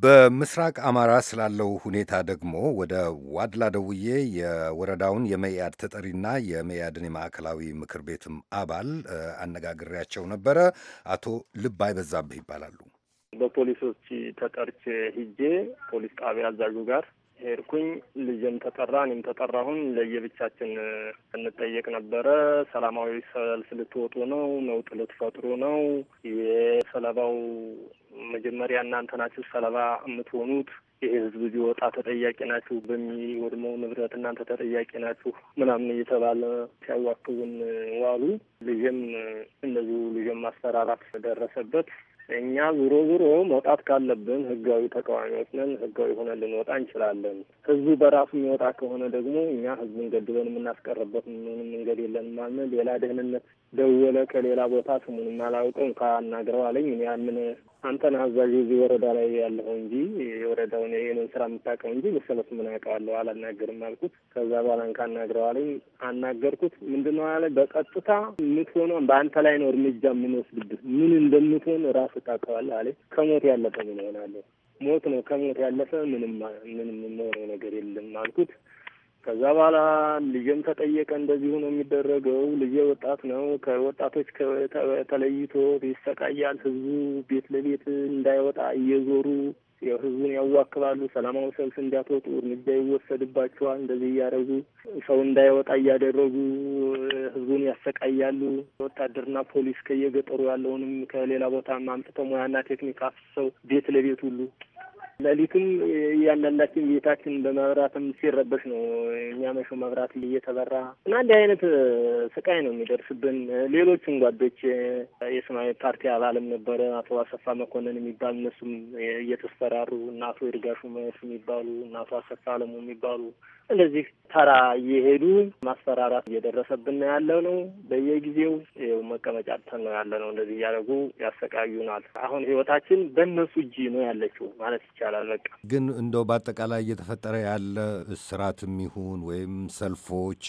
በምስራቅ አማራ ስላለው ሁኔታ ደግሞ ወደ ዋድላ ደውዬ የወረዳውን የመኢአድ ተጠሪና የመኢአድን የማዕከላዊ ምክር ቤትም አባል አነጋግሬያቸው ነበረ። አቶ ልብ አይበዛብህ ይባላሉ። በፖሊሶች ተጠርቼ ሂጄ ፖሊስ ጣቢያ አዛዡ ጋር ሄድኩኝ። ልጅም ተጠራ፣ እኔም ተጠራሁን። ለየብቻችን እንጠየቅ ነበረ። ሰላማዊ ሰልፍ ልትወጡ ነው? ነውጥ ልትፈጥሩ ነው? የሰለባው መጀመሪያ እናንተ ናችሁ ሰለባ የምትሆኑት ይሄ ህዝብ ቢወጣ ተጠያቂ ናችሁ፣ በሚወድመው ንብረት እናንተ ተጠያቂ ናችሁ ምናምን እየተባለ ሲያዋክቡን ዋሉ። ልጅም እንደዚሁ ልጅም ማስፈራራት ደረሰበት። እኛ ዞሮ ዞሮ መውጣት ካለብን ህጋዊ ተቃዋሚዎች ነን። ህጋዊ ሆነ ልንወጣ እንችላለን። ህዝቡ በራሱ የሚወጣ ከሆነ ደግሞ እኛ ህዝቡን ገድበን የምናስቀረበት ምንም መንገድ የለን። ማለት ሌላ ደህንነት ደወለ ከሌላ ቦታ ስሙን የማላውቀው እንኳ አናግረው አለኝ። ያምን አንተን አዛዥ እዚህ ወረዳ ላይ ያለው እንጂ የወረዳውን ይህንን ስራ የምታውቀው እንጂ ልሰበት ምን አውቀዋለሁ አላናገርም አልኩት። ከዛ በኋላ እንካ አናግረዋለኝ አናገርኩት። ምንድነው ያለ በቀጥታ የምትሆነው በአንተ ላይ ነው እርምጃ የምንወስድብህ ምን እንደምትሆን ራሱ ታውቀዋለህ አለ። ከሞት ያለፈ ምን ይሆናለሁ ሞት ነው ከሞት ያለፈ ምንም ምንም የምንሆነው ነገር የለም አልኩት። ከዛ በኋላ ልጅም ተጠየቀ። እንደዚሁ ነው የሚደረገው። ልጄ ወጣት ነው። ከወጣቶች ተለይቶ ይሰቃያል። ህዝቡ ቤት ለቤት እንዳይወጣ እየዞሩ ህዝቡን ያዋክባሉ። ሰላማዊ ሰልፍ እንዲያትወጡ እርምጃ ይወሰድባቸዋል። እንደዚህ እያደረጉ ሰው እንዳይወጣ እያደረጉ ህዝቡን ያሰቃያሉ። ወታደርና ፖሊስ ከየገጠሩ ያለውንም ከሌላ ቦታ አምጥተው ሙያና ቴክኒክ አፍሰው ቤት ለቤት ሁሉ ለሊቱም እያንዳንዳችን ቤታችን በመብራትም ሲረበሽ ነው የሚያመሸው። መብራት እየተበራ እና እንዲህ አይነት ስቃይ ነው የሚደርስብን። ሌሎችን ጓዶች የሰማያዊ ፓርቲ አባልም ነበረ አቶ አሰፋ መኮንን የሚባል እነሱም እየተስፈራሩ እና አቶ ይርጋሹ መስ የሚባሉ እና አቶ አሰፋ አለሙ የሚባሉ ስለዚህ ተራ እየሄዱ ማስፈራራት እየደረሰብን ያለው ነው። በየጊዜው ይኸው መቀመጫ አጥተን ነው ያለ ነው። እንደዚህ እያደረጉ ያሰቃዩናል። አሁን ህይወታችን በእነሱ እጅ ነው ያለችው ማለት ይቻላል። በቃ ግን እንደው በአጠቃላይ እየተፈጠረ ያለ እስራትም ይሁን ወይም ሰልፎች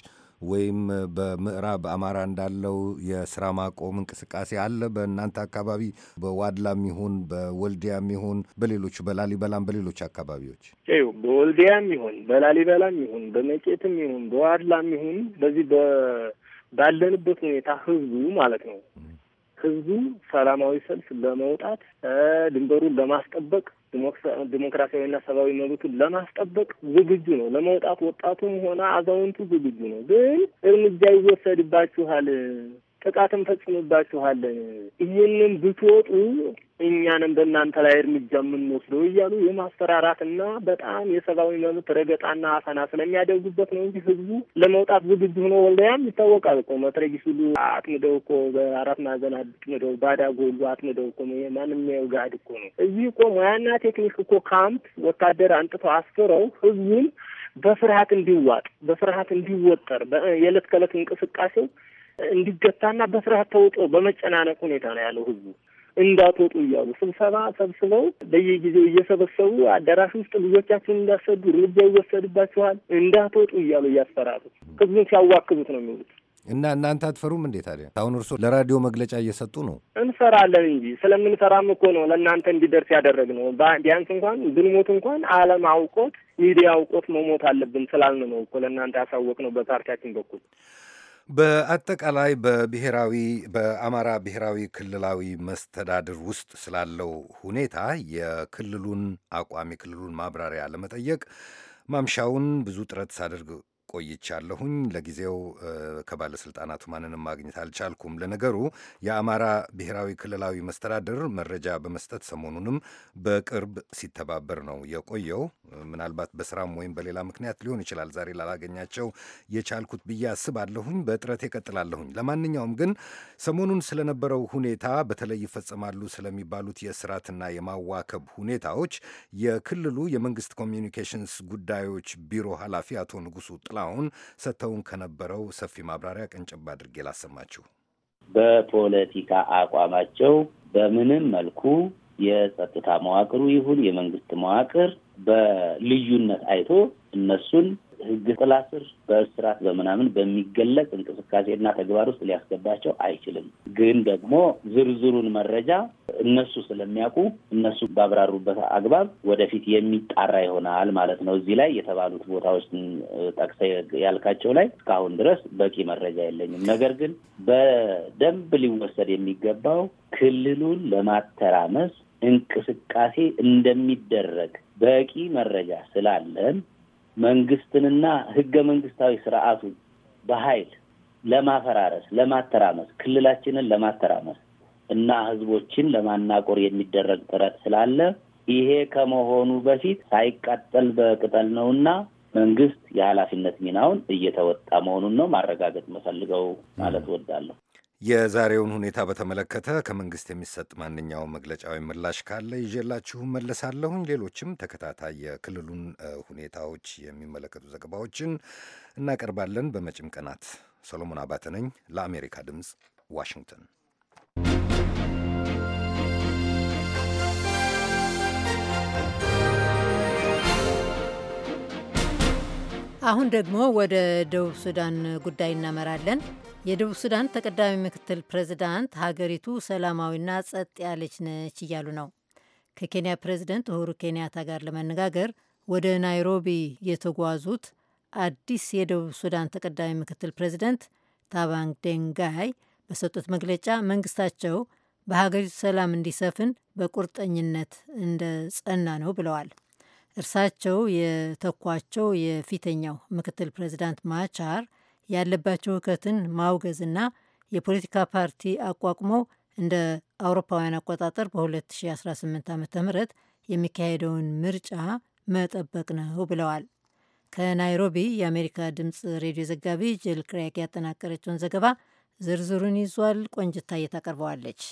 ወይም በምዕራብ አማራ እንዳለው የስራ ማቆም እንቅስቃሴ አለ? በእናንተ አካባቢ በዋድላም ይሁን በወልዲያም ይሁን በሌሎቹ በላሊበላም በሌሎች አካባቢዎች በወልዲያም ይሁን በላሊበላም ይሁን በመቄትም ይሁን በዋድላም ይሁን በዚህ ባለንበት ሁኔታ ህዝቡ ማለት ነው ህዝቡ ሰላማዊ ሰልፍ ለመውጣት ድንበሩን ለማስጠበቅ ዲሞክራሲያዊና ሰብአዊ መብቱን ለማስጠበቅ ዝግጁ ነው። ለመውጣት ወጣቱም ሆነ አዛውንቱ ዝግጁ ነው። ግን እርምጃ ይወሰድባችኋል ጥቃት እንፈጽምባችኋለን፣ ይህንን ብትወጡ እኛንም በእናንተ ላይ እርምጃ የምንወስደው እያሉ የማስፈራራትና በጣም የሰብአዊ መብት ረገጣና አፈና ስለሚያደርጉበት ነው እንጂ ህዝቡ ለመውጣት ዝግጁ ሆኖ ወልዳያም ይታወቃል እኮ መትረጊስ ሁሉ አጥምደው እኮ በአራት ማዕዘን አጥምደው ባዳጎ ሁሉ አጥምደው እኮ ማንም ያውጋድ እኮ ነው። እዚህ እኮ ሙያና ቴክኒክ እኮ ካምፕ ወታደር አንጥቶ አስፍረው ህዝቡን በፍርሀት እንዲዋጥ በፍርሀት እንዲወጠር የዕለት ከዕለት እንቅስቃሴው እንዲገታና በስርዓት ተውጦ በመጨናነቅ ሁኔታ ነው ያለው ህዝቡ እንዳትወጡ እያሉ ስብሰባ ሰብስበው በየጊዜው እየሰበሰቡ አዳራሽ ውስጥ ልጆቻችን እንዳሰዱ እርምጃ ይወሰድባችኋል፣ እንዳትወጡ እያሉ እያስፈራሩ ህዝቡን ሲያዋክቡት ነው የሚውሉት። እና እናንተ አትፈሩም እንዴ ታዲያ? አሁን እርሶ ለራዲዮ መግለጫ እየሰጡ ነው። እንፈራለን እንጂ ስለምንፈራም እኮ ነው ለእናንተ እንዲደርስ ነው ቢያንስ እንኳን ብንሞት እንኳን ዓለም አውቆት ሚዲያ አውቆት መሞት አለብን ስላልን ነው እኮ ለእናንተ ነው በፓርቲያችን በኩል በአጠቃላይ በብሔራዊ በአማራ ብሔራዊ ክልላዊ መስተዳድር ውስጥ ስላለው ሁኔታ የክልሉን አቋም የክልሉን ማብራሪያ ለመጠየቅ ማምሻውን ብዙ ጥረት ሳደርግ ቆይቻለሁኝ። ለጊዜው ከባለስልጣናቱ ማንንም ማግኘት አልቻልኩም። ለነገሩ የአማራ ብሔራዊ ክልላዊ መስተዳድር መረጃ በመስጠት ሰሞኑንም በቅርብ ሲተባበር ነው የቆየው። ምናልባት በስራም ወይም በሌላ ምክንያት ሊሆን ይችላል ዛሬ ላላገኛቸው የቻልኩት ብዬ አስባለሁኝ። በጥረት የቀጥላለሁኝ። ለማንኛውም ግን ሰሞኑን ስለነበረው ሁኔታ በተለይ ይፈጸማሉ ስለሚባሉት የእስራትና የማዋከብ ሁኔታዎች የክልሉ የመንግስት ኮሚኒኬሽንስ ጉዳዮች ቢሮ ኃላፊ አቶ ንጉሱ ጥላ ጥላውን ሰጥተውን ከነበረው ሰፊ ማብራሪያ ቀንጨባ አድርጌ ላሰማችሁ። በፖለቲካ አቋማቸው በምንም መልኩ የጸጥታ መዋቅሩ ይሁን የመንግስት መዋቅር በልዩነት አይቶ እነሱን ህግ ጥላ ስር በእስራት በምናምን በሚገለጽ እንቅስቃሴና ተግባር ውስጥ ሊያስገባቸው አይችልም። ግን ደግሞ ዝርዝሩን መረጃ እነሱ ስለሚያውቁ እነሱ ባብራሩበት አግባብ ወደፊት የሚጣራ ይሆናል ማለት ነው። እዚህ ላይ የተባሉት ቦታዎች ጠቅሰ ያልካቸው ላይ እስካሁን ድረስ በቂ መረጃ የለኝም። ነገር ግን በደንብ ሊወሰድ የሚገባው ክልሉን ለማተራመስ እንቅስቃሴ እንደሚደረግ በቂ መረጃ ስላለን መንግስትንና ህገ መንግስታዊ ስርዓቱን በኃይል ለማፈራረስ፣ ለማተራመስ፣ ክልላችንን ለማተራመስ እና ህዝቦችን ለማናቆር የሚደረግ ጥረት ስላለ ይሄ ከመሆኑ በፊት ሳይቃጠል በቅጠል ነውና መንግስት የኃላፊነት ሚናውን እየተወጣ መሆኑን ነው ማረጋገጥ መፈልገው ማለት እወዳለሁ። የዛሬውን ሁኔታ በተመለከተ ከመንግስት የሚሰጥ ማንኛውም መግለጫዊ ምላሽ ካለ ይዤላችሁ መለሳለሁኝ። ሌሎችም ተከታታይ የክልሉን ሁኔታዎች የሚመለከቱ ዘገባዎችን እናቀርባለን በመጪም ቀናት። ሰሎሞን አባተ ነኝ ለአሜሪካ ድምፅ ዋሽንግተን። አሁን ደግሞ ወደ ደቡብ ሱዳን ጉዳይ እናመራለን። የደቡብ ሱዳን ተቀዳሚ ምክትል ፕሬዚዳንት ሀገሪቱ ሰላማዊና ጸጥ ያለች ነች እያሉ ነው። ከኬንያ ፕሬዚደንት ኡሁሩ ኬንያታ ጋር ለመነጋገር ወደ ናይሮቢ የተጓዙት አዲስ የደቡብ ሱዳን ተቀዳሚ ምክትል ፕሬዚደንት ታባንግ ደንጋይ በሰጡት መግለጫ መንግስታቸው በሀገሪቱ ሰላም እንዲሰፍን በቁርጠኝነት እንደጸና ነው ብለዋል። እርሳቸው የተኳቸው የፊተኛው ምክትል ፕሬዚዳንት ማቻር ያለባቸው ሁከትን ማውገዝና የፖለቲካ ፓርቲ አቋቁመው እንደ አውሮፓውያን አቆጣጠር በ2018 ዓ ም የሚካሄደውን ምርጫ መጠበቅ ነው ብለዋል። ከናይሮቢ የአሜሪካ ድምፅ ሬዲዮ ዘጋቢ ጅል ክሪያክ ያጠናቀረችውን ዘገባ ዝርዝሩን ይዟል። ቆንጅታ እየታቀርበዋለች።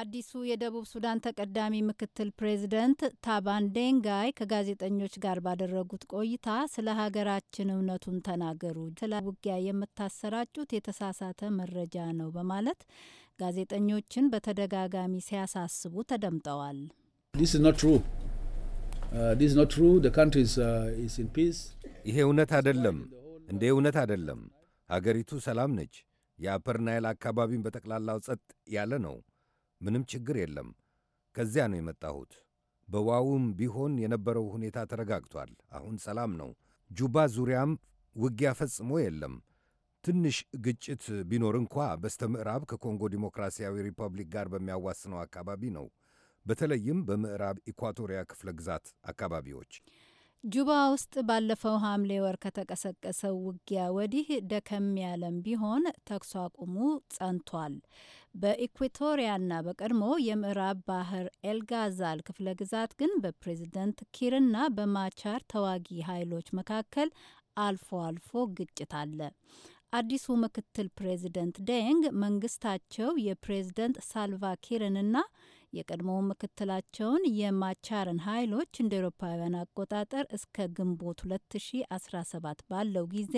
አዲሱ የደቡብ ሱዳን ተቀዳሚ ምክትል ፕሬዚደንት ታባን ዴንጋይ ከጋዜጠኞች ጋር ባደረጉት ቆይታ ስለ ሀገራችን እውነቱን ተናገሩ፣ ስለ ውጊያ የምታሰራጩት የተሳሳተ መረጃ ነው በማለት ጋዜጠኞችን በተደጋጋሚ ሲያሳስቡ ተደምጠዋል። uh, uh, ይሄ እውነት አይደለም፣ እንደ እውነት አይደለም። ሀገሪቱ ሰላም ነች። የአፐር ናይል አካባቢን በጠቅላላው ጸጥ ያለ ነው። ምንም ችግር የለም። ከዚያ ነው የመጣሁት። በዋውም ቢሆን የነበረው ሁኔታ ተረጋግቷል። አሁን ሰላም ነው። ጁባ ዙሪያም ውጊያ ፈጽሞ የለም። ትንሽ ግጭት ቢኖር እንኳ በስተ ምዕራብ ከኮንጎ ዲሞክራሲያዊ ሪፐብሊክ ጋር በሚያዋስነው አካባቢ ነው። በተለይም በምዕራብ ኢኳቶሪያ ክፍለ ግዛት አካባቢዎች ጁባ ውስጥ ባለፈው ሐምሌ ወር ከተቀሰቀሰው ውጊያ ወዲህ ደከም ያለም ቢሆን ተኩስ አቁሙ ጸንቷል። በኢኩቶሪያና በቀድሞ የምዕራብ ባህር ኤልጋዛል ክፍለ ግዛት ግን በፕሬዝደንት ኪርና በማቻር ተዋጊ ኃይሎች መካከል አልፎ አልፎ ግጭት አለ። አዲሱ ምክትል ፕሬዝደንት ደንግ መንግስታቸው የፕሬዝደንት ሳልቫ ኪርንና የቀድሞው ምክትላቸውን የማቻርን ኃይሎች እንደ ኤሮፓውያን አቆጣጠር እስከ ግንቦት 2017 ባለው ጊዜ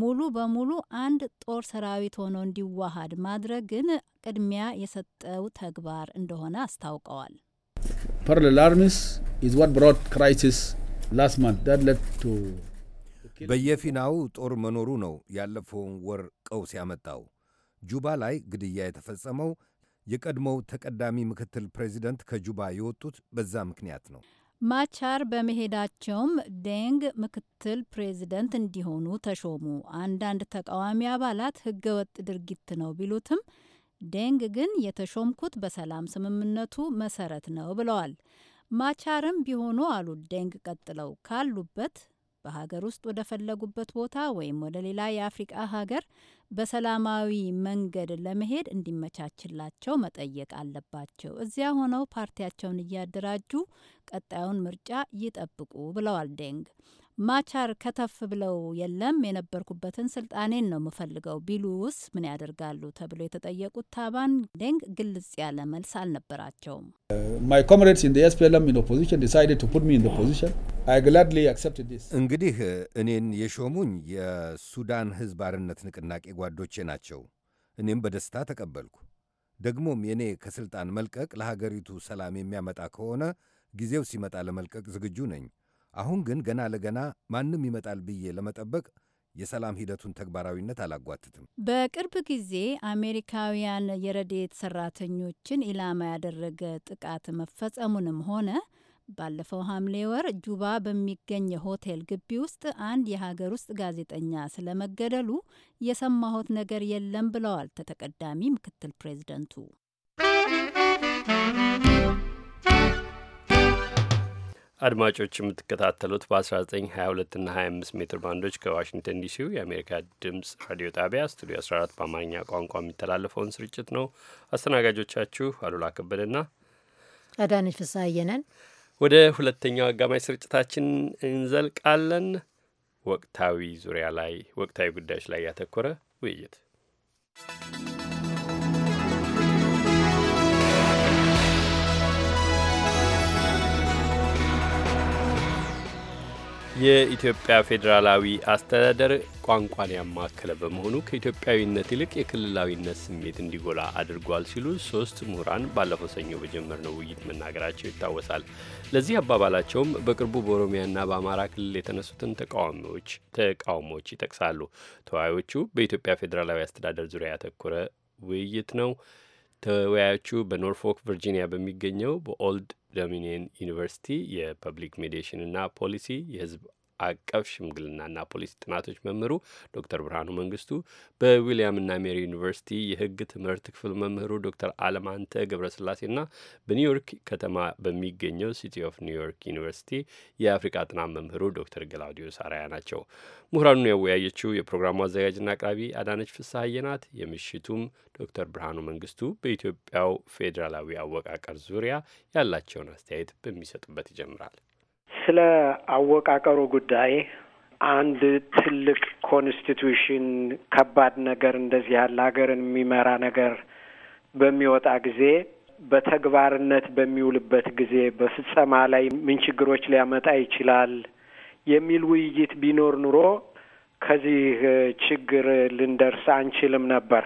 ሙሉ በሙሉ አንድ ጦር ሰራዊት ሆኖ እንዲዋሃድ ማድረግን ቅድሚያ የሰጠው ተግባር እንደሆነ አስታውቀዋል። በየፊናው ጦር መኖሩ ነው ያለፈውን ወር ቀውስ ያመጣው። ጁባ ላይ ግድያ የተፈጸመው የቀድሞው ተቀዳሚ ምክትል ፕሬዚደንት ከጁባ የወጡት በዛ ምክንያት ነው። ማቻር በመሄዳቸውም ዴንግ ምክትል ፕሬዚደንት እንዲሆኑ ተሾሙ። አንዳንድ ተቃዋሚ አባላት ህገወጥ ድርጊት ነው ቢሉትም ዴንግ ግን የተሾምኩት በሰላም ስምምነቱ መሰረት ነው ብለዋል። ማቻርም ቢሆኑ አሉ ዴንግ ቀጥለው ካሉበት በሀገር ውስጥ ወደ ፈለጉበት ቦታ ወይም ወደ ሌላ የአፍሪቃ ሀገር በሰላማዊ መንገድ ለመሄድ እንዲመቻችላቸው መጠየቅ አለባቸው። እዚያ ሆነው ፓርቲያቸውን እያደራጁ ቀጣዩን ምርጫ ይጠብቁ ብለዋል ዴንግ። ማቻር ከተፍ ብለው የለም የነበርኩበትን ስልጣኔን ነው የምፈልገው ቢሉስ ምን ያደርጋሉ ተብሎ የተጠየቁት ታባን ደንግ ግልጽ ያለ መልስ አልነበራቸውም። እንግዲህ እኔን የሾሙኝ የሱዳን ህዝብ አርነት ንቅናቄ ጓዶቼ ናቸው። እኔም በደስታ ተቀበልኩ። ደግሞም የእኔ ከስልጣን መልቀቅ ለሀገሪቱ ሰላም የሚያመጣ ከሆነ ጊዜው ሲመጣ ለመልቀቅ ዝግጁ ነኝ። አሁን ግን ገና ለገና ማንም ይመጣል ብዬ ለመጠበቅ የሰላም ሂደቱን ተግባራዊነት አላጓትትም። በቅርብ ጊዜ አሜሪካውያን የረድኤት ሰራተኞችን ኢላማ ያደረገ ጥቃት መፈጸሙንም ሆነ ባለፈው ሐምሌ ወር ጁባ በሚገኝ የሆቴል ግቢ ውስጥ አንድ የሀገር ውስጥ ጋዜጠኛ ስለመገደሉ የሰማሁት ነገር የለም ብለዋል ተተቀዳሚ ምክትል you. አድማጮች የምትከታተሉት በ1922 እና 25 ሜትር ባንዶች ከዋሽንግተን ዲሲው የአሜሪካ ድምፅ ራዲዮ ጣቢያ ስቱዲዮ 14 በአማርኛ ቋንቋ የሚተላለፈውን ስርጭት ነው። አስተናጋጆቻችሁ አሉላ ከበደና አዳነች ፍስሀየነን። ወደ ሁለተኛው አጋማሽ ስርጭታችን እንዘልቃለን። ወቅታዊ ዙሪያ ላይ ወቅታዊ ጉዳዮች ላይ ያተኮረ ውይይት የኢትዮጵያ ፌዴራላዊ አስተዳደር ቋንቋን ያማከለ በመሆኑ ከኢትዮጵያዊነት ይልቅ የክልላዊነት ስሜት እንዲጎላ አድርጓል ሲሉ ሶስት ምሁራን ባለፈው ሰኞ በጀመርነው ውይይት መናገራቸው ይታወሳል። ለዚህ አባባላቸውም በቅርቡ በኦሮሚያና በአማራ ክልል የተነሱትን ተቃዋሚዎች ተቃውሞዎች ይጠቅሳሉ። ተወያዮቹ በኢትዮጵያ ፌዴራላዊ አስተዳደር ዙሪያ ያተኮረ ውይይት ነው። ተወያዮቹ በኖርፎክ ቨርጂኒያ በሚገኘው በኦልድ ዶሚኒየን ዩኒቨርሲቲ የፐብሊክ ሜዲሽንና ፖሊሲ የህዝብ አቀፍ ሽምግልናና ፖሊሲ ጥናቶች መምህሩ ዶክተር ብርሃኑ መንግስቱ፣ በዊልያምና ሜሪ ዩኒቨርሲቲ የህግ ትምህርት ክፍል መምህሩ ዶክተር አለማንተ ገብረስላሴና በኒውዮርክ ከተማ በሚገኘው ሲቲ ኦፍ ኒውዮርክ ዩኒቨርሲቲ የአፍሪቃ ጥናት መምህሩ ዶክተር ገላውዲዮስ ሳራያ ናቸው። ምሁራኑን ያወያየችው የፕሮግራሙ አዘጋጅና አቅራቢ አዳነች ፍስሀዬ ናት። የምሽቱም ዶክተር ብርሃኑ መንግስቱ በኢትዮጵያው ፌዴራላዊ አወቃቀር ዙሪያ ያላቸውን አስተያየት በሚሰጡበት ይጀምራል። ስለ አወቃቀሩ ጉዳይ አንድ ትልቅ ኮንስቲቱሽን ከባድ ነገር እንደዚህ ያለ ሀገርን የሚመራ ነገር በሚወጣ ጊዜ በተግባርነት በሚውልበት ጊዜ በፍጸማ ላይ ምን ችግሮች ሊያመጣ ይችላል የሚል ውይይት ቢኖር ኑሮ ከዚህ ችግር ልንደርስ አንችልም ነበር።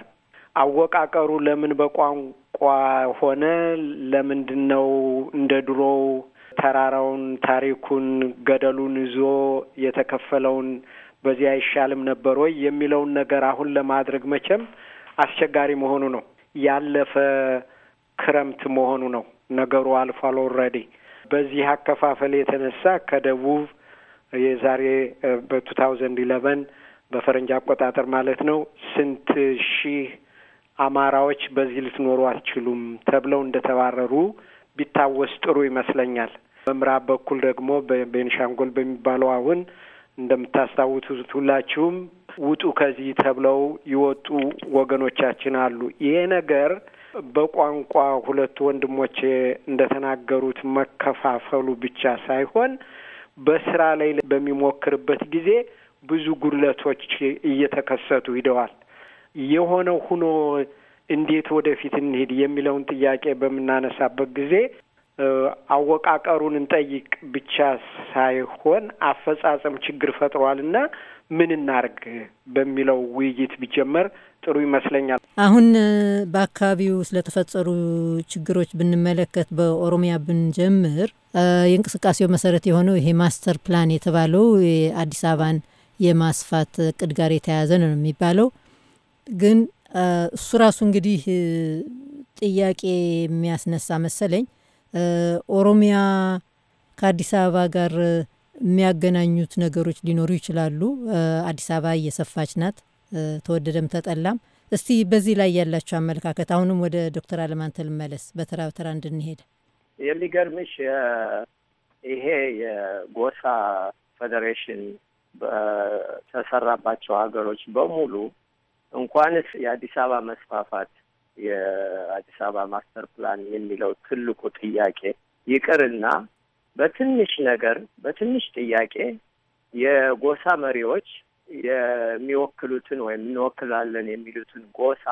አወቃቀሩ ለምን በቋንቋ ሆነ? ለምንድን ነው እንደ ድሮው ተራራውን፣ ታሪኩን፣ ገደሉን ይዞ የተከፈለውን በዚህ አይሻልም ነበር ወይ የሚለውን ነገር አሁን ለማድረግ መቼም አስቸጋሪ መሆኑ ነው። ያለፈ ክረምት መሆኑ ነው። ነገሩ አልፏል ኦልሬዲ። በዚህ አከፋፈል የተነሳ ከደቡብ የዛሬ በቱ ታውዘንድ ኢለቨን በፈረንጅ አቆጣጠር ማለት ነው ስንት ሺህ አማራዎች በዚህ ልትኖሩ አትችሉም ተብለው እንደተባረሩ ቢታወስ ጥሩ ይመስለኛል። በምዕራብ በኩል ደግሞ በቤንሻንጉል በሚባለው አሁን እንደምታስታውሱት ሁላችሁም ውጡ ከዚህ ተብለው ይወጡ ወገኖቻችን አሉ። ይሄ ነገር በቋንቋ ሁለቱ ወንድሞቼ እንደተናገሩት መከፋፈሉ ብቻ ሳይሆን በስራ ላይ በሚሞክርበት ጊዜ ብዙ ጉድለቶች እየተከሰቱ ሂደዋል። የሆነ ሁኖ እንዴት ወደፊት እንሄድ የሚለውን ጥያቄ በምናነሳበት ጊዜ አወቃቀሩን እንጠይቅ ብቻ ሳይሆን አፈጻጸም ችግር ፈጥሯልና ምን እናርግ በሚለው ውይይት ቢጀመር ጥሩ ይመስለኛል። አሁን በአካባቢው ስለተፈጸሩ ችግሮች ብንመለከት በኦሮሚያ ብንጀምር የእንቅስቃሴው መሰረት የሆነው ይሄ ማስተር ፕላን የተባለው የአዲስ አበባን የማስፋት እቅድ ጋር የተያያዘ ነው የሚባለው ግን እሱ ራሱ እንግዲህ ጥያቄ የሚያስነሳ መሰለኝ። ኦሮሚያ ከአዲስ አበባ ጋር የሚያገናኙት ነገሮች ሊኖሩ ይችላሉ። አዲስ አበባ እየሰፋች ናት፣ ተወደደም ተጠላም። እስቲ በዚህ ላይ ያላቸው አመለካከት። አሁንም ወደ ዶክተር አለማንተ ልመለስ፣ በተራ በተራ እንድንሄድ። የሚገርምሽ ይሄ የጎሳ ፌዴሬሽን በተሰራባቸው ሀገሮች በሙሉ እንኳንስ የአዲስ አበባ መስፋፋት የአዲስ አበባ ማስተር ፕላን የሚለው ትልቁ ጥያቄ ይቅርና በትንሽ ነገር በትንሽ ጥያቄ የጎሳ መሪዎች የሚወክሉትን ወይም እንወክላለን የሚሉትን ጎሳ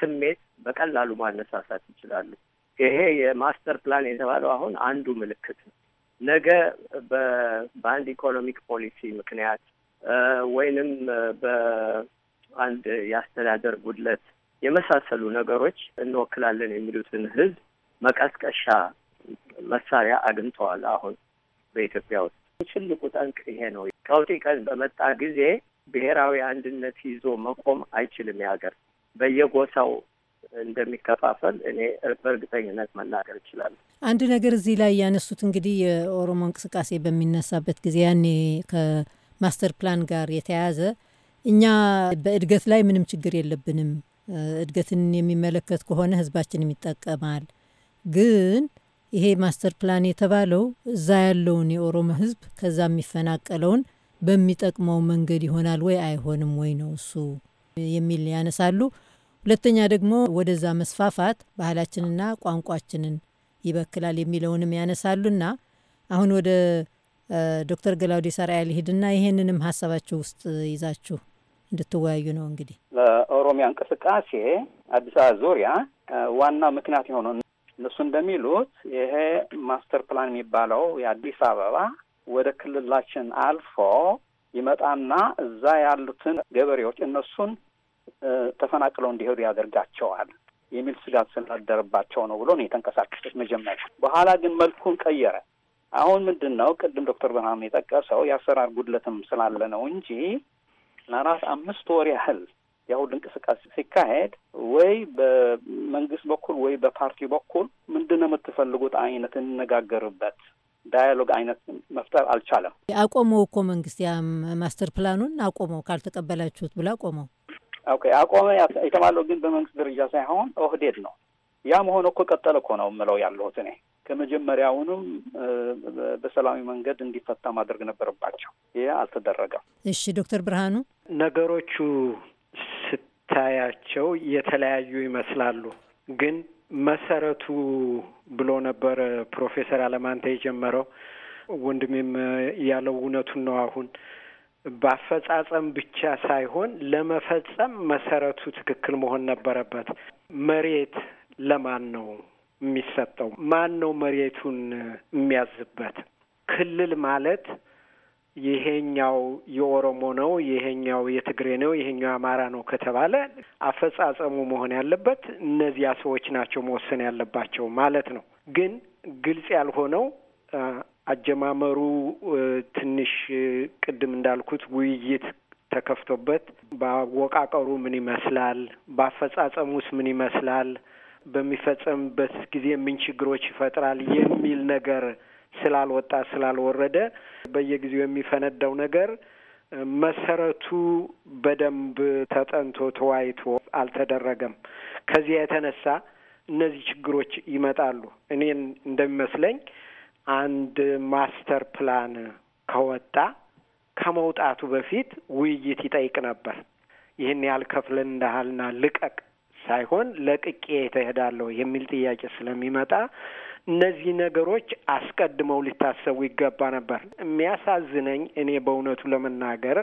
ስሜት በቀላሉ ማነሳሳት ይችላሉ። ይሄ የማስተር ፕላን የተባለው አሁን አንዱ ምልክት ነው። ነገ በአንድ ኢኮኖሚክ ፖሊሲ ምክንያት ወይንም አንድ የአስተዳደር ጉድለት የመሳሰሉ ነገሮች እንወክላለን የሚሉትን ህዝብ መቀስቀሻ መሳሪያ አግኝተዋል። አሁን በኢትዮጵያ ውስጥ ትልቁ ጠንቅ ይሄ ነው። ቀውጢ ቀን በመጣ ጊዜ ብሔራዊ አንድነት ይዞ መቆም አይችልም። ያገር በየጎሳው እንደሚከፋፈል እኔ በእርግጠኝነት መናገር እችላለሁ። አንድ ነገር እዚህ ላይ ያነሱት እንግዲህ የኦሮሞ እንቅስቃሴ በሚነሳበት ጊዜ ያኔ ከማስተር ፕላን ጋር የተያያዘ እኛ በእድገት ላይ ምንም ችግር የለብንም፣ እድገትን የሚመለከት ከሆነ ህዝባችን ይጠቀማል። ግን ይሄ ማስተር ፕላን የተባለው እዛ ያለውን የኦሮሞ ህዝብ ከዛ የሚፈናቀለውን በሚጠቅመው መንገድ ይሆናል ወይ አይሆንም ወይ ነው እሱ የሚል ያነሳሉ። ሁለተኛ ደግሞ ወደዛ መስፋፋት ባህላችንና ቋንቋችንን ይበክላል የሚለውንም ያነሳሉና አሁን ወደ ዶክተር ገላውዴ ሰርአያ ልሂድና ይሄንንም ሀሳባችሁ ውስጥ ይዛችሁ እንድትወያዩ ነው። እንግዲህ ለኦሮሚያ እንቅስቃሴ አዲስ አበባ ዙሪያ ዋናው ምክንያት የሆነው እነሱ እንደሚሉት ይሄ ማስተር ፕላን የሚባለው የአዲስ አበባ ወደ ክልላችን አልፎ ይመጣና እዛ ያሉትን ገበሬዎች እነሱን ተፈናቅለው እንዲሄዱ ያደርጋቸዋል የሚል ስጋት ስላደረባቸው ነው ብሎ ነው የተንቀሳቀሱት መጀመሪያ። በኋላ ግን መልኩን ቀየረ። አሁን ምንድን ነው ቅድም ዶክተር ብርሃኑ የጠቀሰው የአሰራር ጉድለትም ስላለ ነው እንጂ ለአራት አምስት ወር ያህል የአሁድ እንቅስቃሴ ሲካሄድ ወይ በመንግስት በኩል ወይ በፓርቲ በኩል ምንድን ነው የምትፈልጉት አይነት እንነጋገርበት ዳያሎግ አይነት መፍጠር አልቻለም። አቆመው እኮ መንግስት ያ ማስተር ፕላኑን አቆመው፣ ካልተቀበላችሁት ብሎ አቆመው። ኦኬ አቆመ የተባለው ግን በመንግስት ደረጃ ሳይሆን ኦህዴድ ነው። ያ መሆን እኮ ቀጠለ እኮ ነው የምለው ያለሁት እኔ ከመጀመሪያውንም በሰላማዊ መንገድ እንዲፈታ ማድረግ ነበረባቸው። ይህ አልተደረገም። እሺ ዶክተር ብርሃኑ ነገሮቹ ስታያቸው የተለያዩ ይመስላሉ ግን መሰረቱ ብሎ ነበር ፕሮፌሰር አለማንተ የጀመረው ወንድሜም ያለው እውነቱን ነው። አሁን በአፈጻጸም ብቻ ሳይሆን ለመፈጸም መሰረቱ ትክክል መሆን ነበረበት። መሬት ለማን ነው? የሚሰጠው? ማን ነው መሬቱን የሚያዝበት? ክልል ማለት ይሄኛው የኦሮሞ ነው፣ ይሄኛው የትግሬ ነው፣ ይሄኛው የአማራ ነው ከተባለ አፈጻጸሙ መሆን ያለበት እነዚያ ሰዎች ናቸው መወሰን ያለባቸው ማለት ነው። ግን ግልጽ ያልሆነው አጀማመሩ ትንሽ ቅድም እንዳልኩት ውይይት ተከፍቶበት በአወቃቀሩ ምን ይመስላል፣ በአፈጻጸሙስ ምን ይመስላል በሚፈጸምበት ጊዜ ምን ችግሮች ይፈጥራል የሚል ነገር ስላልወጣ ስላልወረደ በየጊዜው የሚፈነዳው ነገር መሰረቱ በደንብ ተጠንቶ ተዋይቶ አልተደረገም። ከዚያ የተነሳ እነዚህ ችግሮች ይመጣሉ። እኔን እንደሚመስለኝ አንድ ማስተር ፕላን ከወጣ ከመውጣቱ በፊት ውይይት ይጠይቅ ነበር። ይህን ያህል ከፍለን እንዳህልና ልቀቅ ሳይሆን ለቅቄ የተሄዳለሁ የሚል ጥያቄ ስለሚመጣ እነዚህ ነገሮች አስቀድመው ሊታሰቡ ይገባ ነበር። የሚያሳዝነኝ እኔ በእውነቱ ለመናገር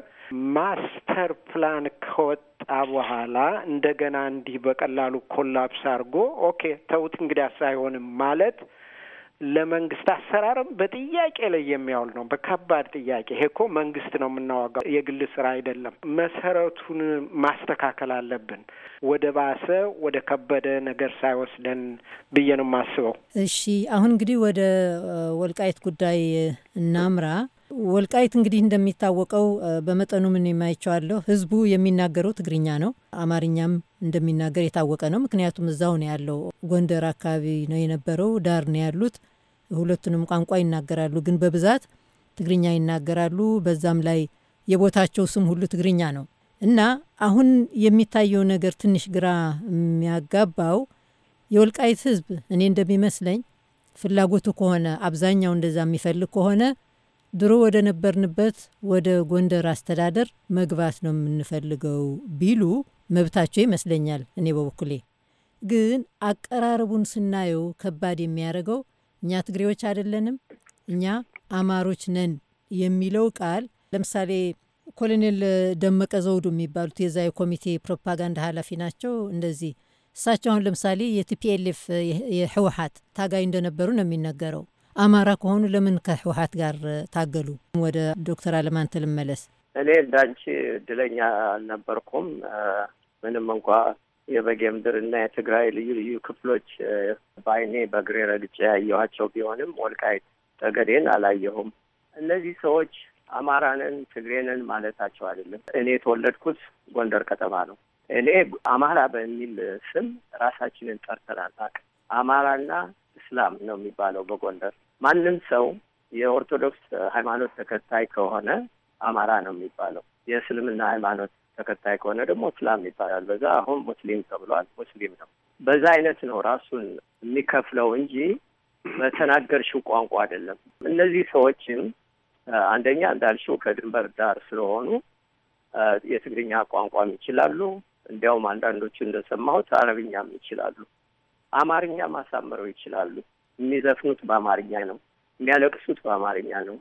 ማስተር ፕላን ከወጣ በኋላ እንደገና እንዲህ በቀላሉ ኮላፕስ አድርጎ ኦኬ ተውት እንግዲያስ አይሆንም ማለት ለመንግስት አሰራርም በጥያቄ ላይ የሚያውል ነው። በከባድ ጥያቄ ይሄ እኮ መንግስት ነው የምናዋጋው፣ የግል ስራ አይደለም። መሰረቱን ማስተካከል አለብን፣ ወደ ባሰ ወደ ከበደ ነገር ሳይወስደን ብዬ ነው የማስበው። እሺ፣ አሁን እንግዲህ ወደ ወልቃይት ጉዳይ እናምራ። ወልቃይት እንግዲህ እንደሚታወቀው በመጠኑ ምን የማይቸዋለሁ ህዝቡ የሚናገረው ትግርኛ ነው። አማርኛም እንደሚናገር የታወቀ ነው። ምክንያቱም እዛው ነው ያለው። ጎንደር አካባቢ ነው የነበረው፣ ዳር ነው ያሉት። ሁለቱንም ቋንቋ ይናገራሉ፣ ግን በብዛት ትግርኛ ይናገራሉ። በዛም ላይ የቦታቸው ስም ሁሉ ትግርኛ ነው እና አሁን የሚታየው ነገር ትንሽ ግራ የሚያጋባው የወልቃይት ህዝብ እኔ እንደሚመስለኝ ፍላጎቱ ከሆነ አብዛኛው እንደዛ የሚፈልግ ከሆነ ድሮ ወደ ነበርንበት ወደ ጎንደር አስተዳደር መግባት ነው የምንፈልገው ቢሉ መብታቸው ይመስለኛል። እኔ በበኩሌ ግን አቀራረቡን ስናየው ከባድ የሚያደርገው እኛ ትግሬዎች አይደለንም፣ እኛ አማሮች ነን የሚለው ቃል ለምሳሌ ኮሎኔል ደመቀ ዘውዱ የሚባሉት የዛ የኮሚቴ ፕሮፓጋንዳ ኃላፊ ናቸው። እንደዚህ እሳቸው አሁን ለምሳሌ የቲፒኤልኤፍ የህወሀት ታጋይ እንደነበሩ ነው የሚነገረው። አማራ ከሆኑ ለምን ከህወሀት ጋር ታገሉ? ወደ ዶክተር አለማንተ ልመለስ። እኔ እንዳንቺ እድለኛ አልነበርኩም። ምንም እንኳ የበጌ ምድር እና የትግራይ ልዩ ልዩ ክፍሎች በአይኔ በእግሬ ረግጬ ያየኋቸው ቢሆንም ወልቃይት ጠገዴን አላየሁም። እነዚህ ሰዎች አማራንን ትግሬንን ማለታቸው አይደለም። እኔ የተወለድኩት ጎንደር ከተማ ነው። እኔ አማራ በሚል ስም ራሳችንን ጠርተናል። አማራና እስላም ነው የሚባለው በጎንደር ማንም ሰው የኦርቶዶክስ ሃይማኖት ተከታይ ከሆነ አማራ ነው የሚባለው። የእስልምና ሃይማኖት ተከታይ ከሆነ ደግሞ እስላም ይባላል። በዛ አሁን ሙስሊም ተብሏል። ሙስሊም ነው። በዛ አይነት ነው ራሱን የሚከፍለው እንጂ በተናገርሽው ቋንቋ አይደለም። እነዚህ ሰዎችም አንደኛ እንዳልሽው ከድንበር ዳር ስለሆኑ የትግርኛ ቋንቋም ይችላሉ። እንዲያውም አንዳንዶቹ እንደሰማሁት አረብኛም ይችላሉ። አማርኛ ማሳምረው ይችላሉ። የሚዘፍኑት በአማርኛ ነው፣ የሚያለቅሱት በአማርኛ ነው፣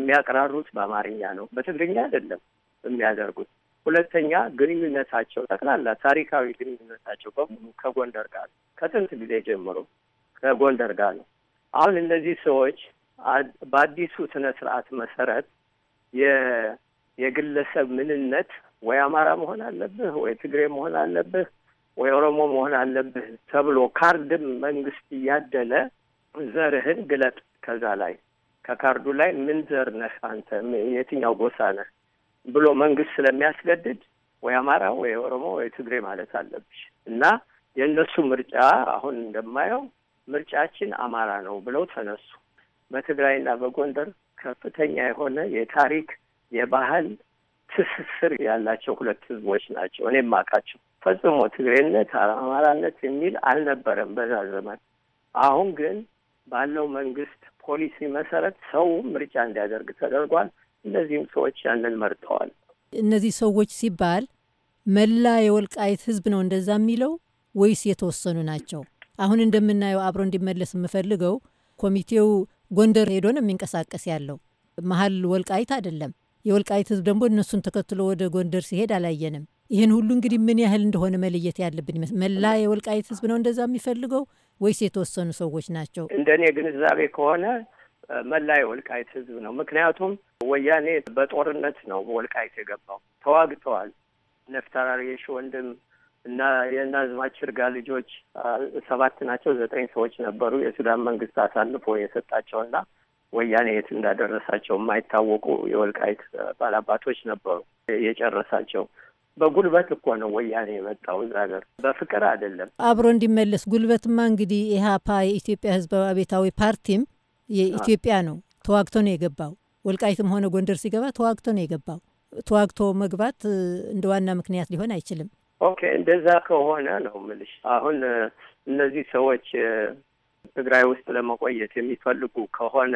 የሚያቀራሩት በአማርኛ ነው። በትግርኛ አይደለም የሚያደርጉት። ሁለተኛ ግንኙነታቸው ጠቅላላ ታሪካዊ ግንኙነታቸው በሙሉ ከጎንደር ጋር ከጥንት ጊዜ ጀምሮ ከጎንደር ጋር ነው። አሁን እነዚህ ሰዎች በአዲሱ ስነ ስርዓት መሰረት የግለሰብ ምንነት ወይ አማራ መሆን አለብህ ወይ ትግሬ መሆን አለብህ ወይ ኦሮሞ መሆን አለብህ ተብሎ ካርድም መንግስት እያደለ ዘርህን ግለጥ ከዛ ላይ ከካርዱ ላይ ምን ዘር ነህ አንተ የትኛው ጎሳ ነህ ብሎ መንግስት ስለሚያስገድድ ወይ አማራ ወይ ኦሮሞ ወይ ትግሬ ማለት አለብሽ እና የእነሱ ምርጫ አሁን እንደማየው ምርጫችን አማራ ነው ብለው ተነሱ። በትግራይና በጎንደር ከፍተኛ የሆነ የታሪክ የባህል ትስስር ያላቸው ሁለት ህዝቦች ናቸው እኔም አውቃቸው። ፈጽሞ ትግሬነት፣ አማራነት የሚል አልነበረም በዛ ዘመን። አሁን ግን ባለው መንግስት ፖሊሲ መሰረት ሰው ምርጫ እንዲያደርግ ተደርጓል። እነዚህም ሰዎች ያንን መርጠዋል። እነዚህ ሰዎች ሲባል መላ የወልቃይት ህዝብ ነው እንደዛ የሚለው ወይስ የተወሰኑ ናቸው? አሁን እንደምናየው አብሮ እንዲመለስ የምፈልገው ኮሚቴው ጎንደር ሄዶ ነው የሚንቀሳቀስ ያለው መሀል ወልቃይት አይደለም። የወልቃይት ህዝብ ደግሞ እነሱን ተከትሎ ወደ ጎንደር ሲሄድ አላየንም። ይህን ሁሉ እንግዲህ ምን ያህል እንደሆነ መለየት ያለብን ይመስል መላ የወልቃይት ህዝብ ነው እንደዛ የሚፈልገው ወይስ የተወሰኑ ሰዎች ናቸው? እንደ እኔ ግንዛቤ ከሆነ መላ የወልቃይት ህዝብ ነው። ምክንያቱም ወያኔ በጦርነት ነው ወልቃይት የገባው። ተዋግተዋል። ነፍታራሪ የሺ ወንድም እና የናዝማች ልጆች ሰባት ናቸው፣ ዘጠኝ ሰዎች ነበሩ። የሱዳን መንግስት አሳልፎ የሰጣቸውና ወያኔ የት እንዳደረሳቸው የማይታወቁ የወልቃይት ባላባቶች ነበሩ የጨረሳቸው። በጉልበት እኮ ነው ወያኔ የመጣው እዛ ሀገር፣ በፍቅር አይደለም። አብሮ እንዲመለስ ጉልበትማ እንግዲህ ኢህአፓ የኢትዮጵያ ህዝባዊ አቤታዊ ፓርቲም የኢትዮጵያ ነው፣ ተዋግቶ ነው የገባው። ወልቃይትም ሆነ ጎንደር ሲገባ ተዋግቶ ነው የገባው። ተዋግቶ መግባት እንደ ዋና ምክንያት ሊሆን አይችልም። ኦኬ፣ እንደዛ ከሆነ ነው ምልሽ። አሁን እነዚህ ሰዎች ትግራይ ውስጥ ለመቆየት የሚፈልጉ ከሆነ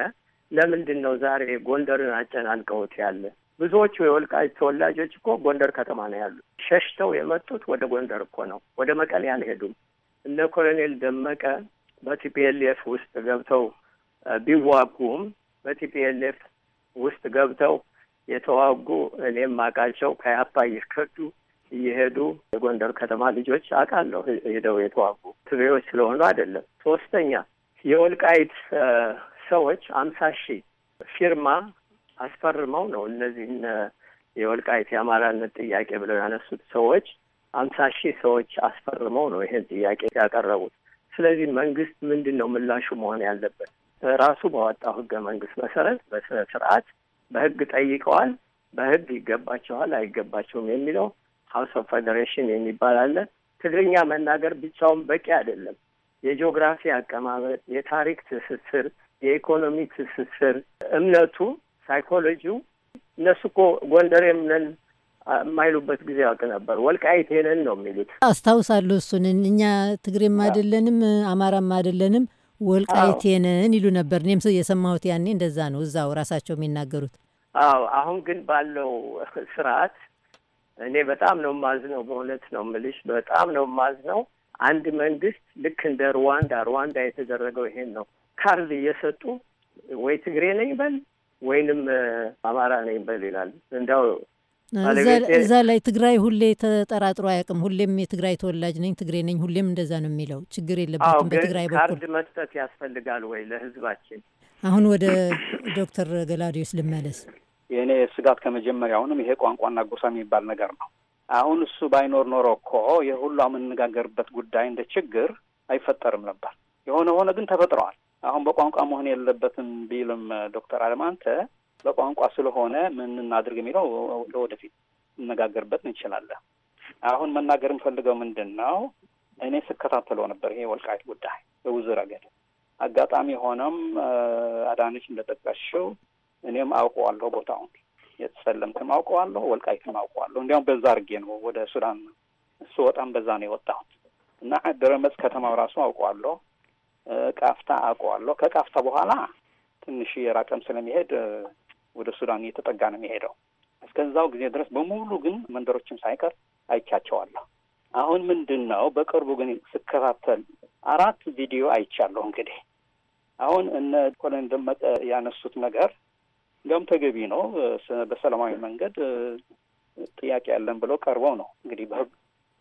ለምንድን ነው ዛሬ ጎንደርን አጨናንቀውት ያለ ብዙዎቹ የወልቃይት ተወላጆች እኮ ጎንደር ከተማ ነው ያሉት። ሸሽተው የመጡት ወደ ጎንደር እኮ ነው፣ ወደ መቀሌ አልሄዱም። እነ ኮሎኔል ደመቀ በቲፒኤልኤፍ ውስጥ ገብተው ቢዋጉም በቲፒኤልኤፍ ውስጥ ገብተው የተዋጉ እኔም አውቃቸው ከያፓ እየከዱ እየሄዱ የጎንደር ከተማ ልጆች አውቃለሁ ሄደው የተዋጉ ትግሬዎች ስለሆኑ አይደለም። ሶስተኛ የወልቃይት ሰዎች አምሳ ሺህ ፊርማ አስፈርመው ነው እነዚህን የወልቃይት የአማራነት ጥያቄ ብለው ያነሱት ሰዎች አምሳ ሺህ ሰዎች አስፈርመው ነው ይሄን ጥያቄ ያቀረቡት። ስለዚህ መንግስት ምንድን ነው ምላሹ መሆን ያለበት? ራሱ በዋጣው ህገ መንግስት መሰረት በስነ ስርዓት በህግ ጠይቀዋል። በህግ ይገባቸዋል አይገባቸውም የሚለው ሀውስ ኦፍ ፌዴሬሽን የሚባል አለ። ትግርኛ መናገር ብቻውን በቂ አይደለም። የጂኦግራፊ አቀማመጥ፣ የታሪክ ትስስር፣ የኢኮኖሚ ትስስር፣ እምነቱ ሳይኮሎጂው እነሱ እኮ ጎንደሬም ነን የማይሉበት ጊዜ ያውቅ ነበር። ወልቃይቴ ነን ነው የሚሉት። አስታውሳለሁ እሱን። እኛ ትግሬም አይደለንም አማራም አይደለንም ወልቃይቴ ነን ይሉ ነበር። እኔም የሰማሁት ያኔ እንደዛ ነው፣ እዛው ራሳቸው የሚናገሩት። አዎ። አሁን ግን ባለው ስርዓት እኔ በጣም ነው የማዝነው። በእውነት ነው የምልሽ፣ በጣም ነው የማዝነው። አንድ መንግስት ልክ እንደ ሩዋንዳ ሩዋንዳ የተደረገው ይሄን ነው ካርድ እየሰጡ ወይ ትግሬ ነኝ በል ወይንም አማራ ነኝ በል ይላል። እንዲያው እዛ ላይ ትግራይ ሁሌ ተጠራጥሮ አያውቅም። ሁሌም የትግራይ ተወላጅ ነኝ፣ ትግሬ ነኝ፣ ሁሌም እንደዛ ነው የሚለው። ችግር የለበትም በትግራይ በኩል። ካርድ መስጠት ያስፈልጋል ወይ ለህዝባችን? አሁን ወደ ዶክተር ገላዲዮስ ልመለስ። የእኔ ስጋት ከመጀመሪያውንም ይሄ ቋንቋና ጎሳ የሚባል ነገር ነው። አሁን እሱ ባይኖር ኖሮ እኮ የሁሉ የምንነጋገርበት ጉዳይ እንደ ችግር አይፈጠርም ነበር። የሆነ ሆነ ግን ተፈጥረዋል። አሁን በቋንቋ መሆን የለበትም ቢልም ዶክተር አንተ በቋንቋ ስለሆነ ምን እናድርግ የሚለው ለወደፊት እነጋገርበት እንችላለን። አሁን መናገር የምፈልገው ምንድን ነው፣ እኔ ስከታተለው ነበር ይሄ ወልቃይት ጉዳይ በብዙ ረገድ አጋጣሚ ሆነም አዳነች እንደጠቀሽው እኔም አውቀዋለሁ ቦታውን የተሰለምትም አውቀዋለሁ፣ ወልቃይትም አውቀዋለሁ። እንዲያውም በዛ አድርጌ ነው ወደ ሱዳን እሱ ወጣም በዛ ነው የወጣሁት እና ድረመጽ ከተማው ራሱ አውቀዋለሁ። ቃፍታ አውቀዋለሁ። ከቃፍታ በኋላ ትንሽ የራቀም ስለሚሄድ ወደ ሱዳን እየተጠጋ ነው የሚሄደው። እስከዛው ጊዜ ድረስ በሙሉ ግን መንደሮችም ሳይቀር አይቻቸዋለሁ። አሁን ምንድን ነው በቅርቡ ግን ስከታተል አራት ቪዲዮ አይቻለሁ። እንግዲህ አሁን እነ ኮሎኔል ደመቀ ያነሱት ነገር እንዲያውም ተገቢ ነው። በሰላማዊ መንገድ ጥያቄ ያለን ብለው ቀርበው ነው እንግዲህ በህግ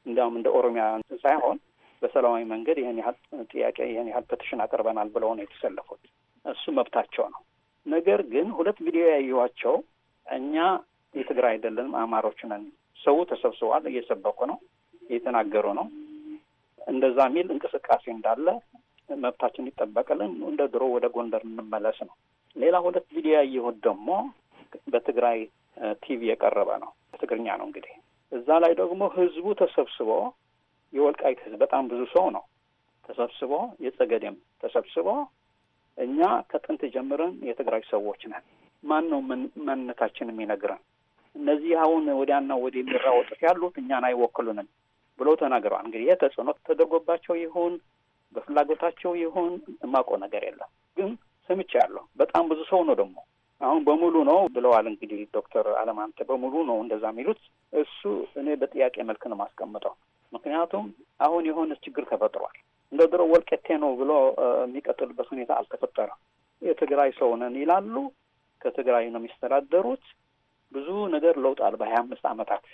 እንዲያውም እንደ ኦሮሚያ ሳይሆን በሰላማዊ መንገድ ይህን ያህል ጥያቄ ይህን ያህል ፔቲሽን አቅርበናል ብለው ነው የተሰለፉት። እሱ መብታቸው ነው። ነገር ግን ሁለት ቪዲዮ ያየኋቸው እኛ የትግራይ አይደለንም አማሮች ነን፣ ሰው ተሰብስቧል፣ እየሰበኩ ነው፣ እየተናገሩ ነው፣ እንደዛ የሚል እንቅስቃሴ እንዳለ መብታችን ይጠበቅልን፣ እንደ ድሮ ወደ ጎንደር እንመለስ ነው። ሌላ ሁለት ቪዲዮ ያየሁት ደግሞ በትግራይ ቲቪ የቀረበ ነው። ትግርኛ ነው እንግዲህ። እዛ ላይ ደግሞ ህዝቡ ተሰብስቦ የወልቃይት ህዝብ በጣም ብዙ ሰው ነው ተሰብስቦ የጸገዴም ተሰብስቦ እኛ ከጥንት ጀምረን የትግራይ ሰዎች ነን፣ ማን ነው ማንነታችን የሚነግረን? እነዚህ አሁን ወዲያና ወዲህ የሚራወጡት ያሉት እኛን አይወክሉንም ብሎ ተናግረዋል። እንግዲህ ይህ ተጽዕኖ ተደርጎባቸው ይሁን በፍላጎታቸው ይሁን የማውቀው ነገር የለም፣ ግን ሰምቼ በጣም ብዙ ሰው ነው ደግሞ አሁን በሙሉ ነው ብለዋል። እንግዲህ ዶክተር አለማንተ በሙሉ ነው እንደዛ የሚሉት እሱ እኔ በጥያቄ መልክ ነው ማስቀምጠው። ምክንያቱም አሁን የሆነ ችግር ተፈጥሯል። እንደ ድሮ ወልቀቴ ነው ብሎ የሚቀጥልበት ሁኔታ አልተፈጠረም። የትግራይ ሰው ነን ይላሉ። ከትግራይ ነው የሚስተዳደሩት። ብዙ ነገር ለውጣል በሀያ አምስት አመታት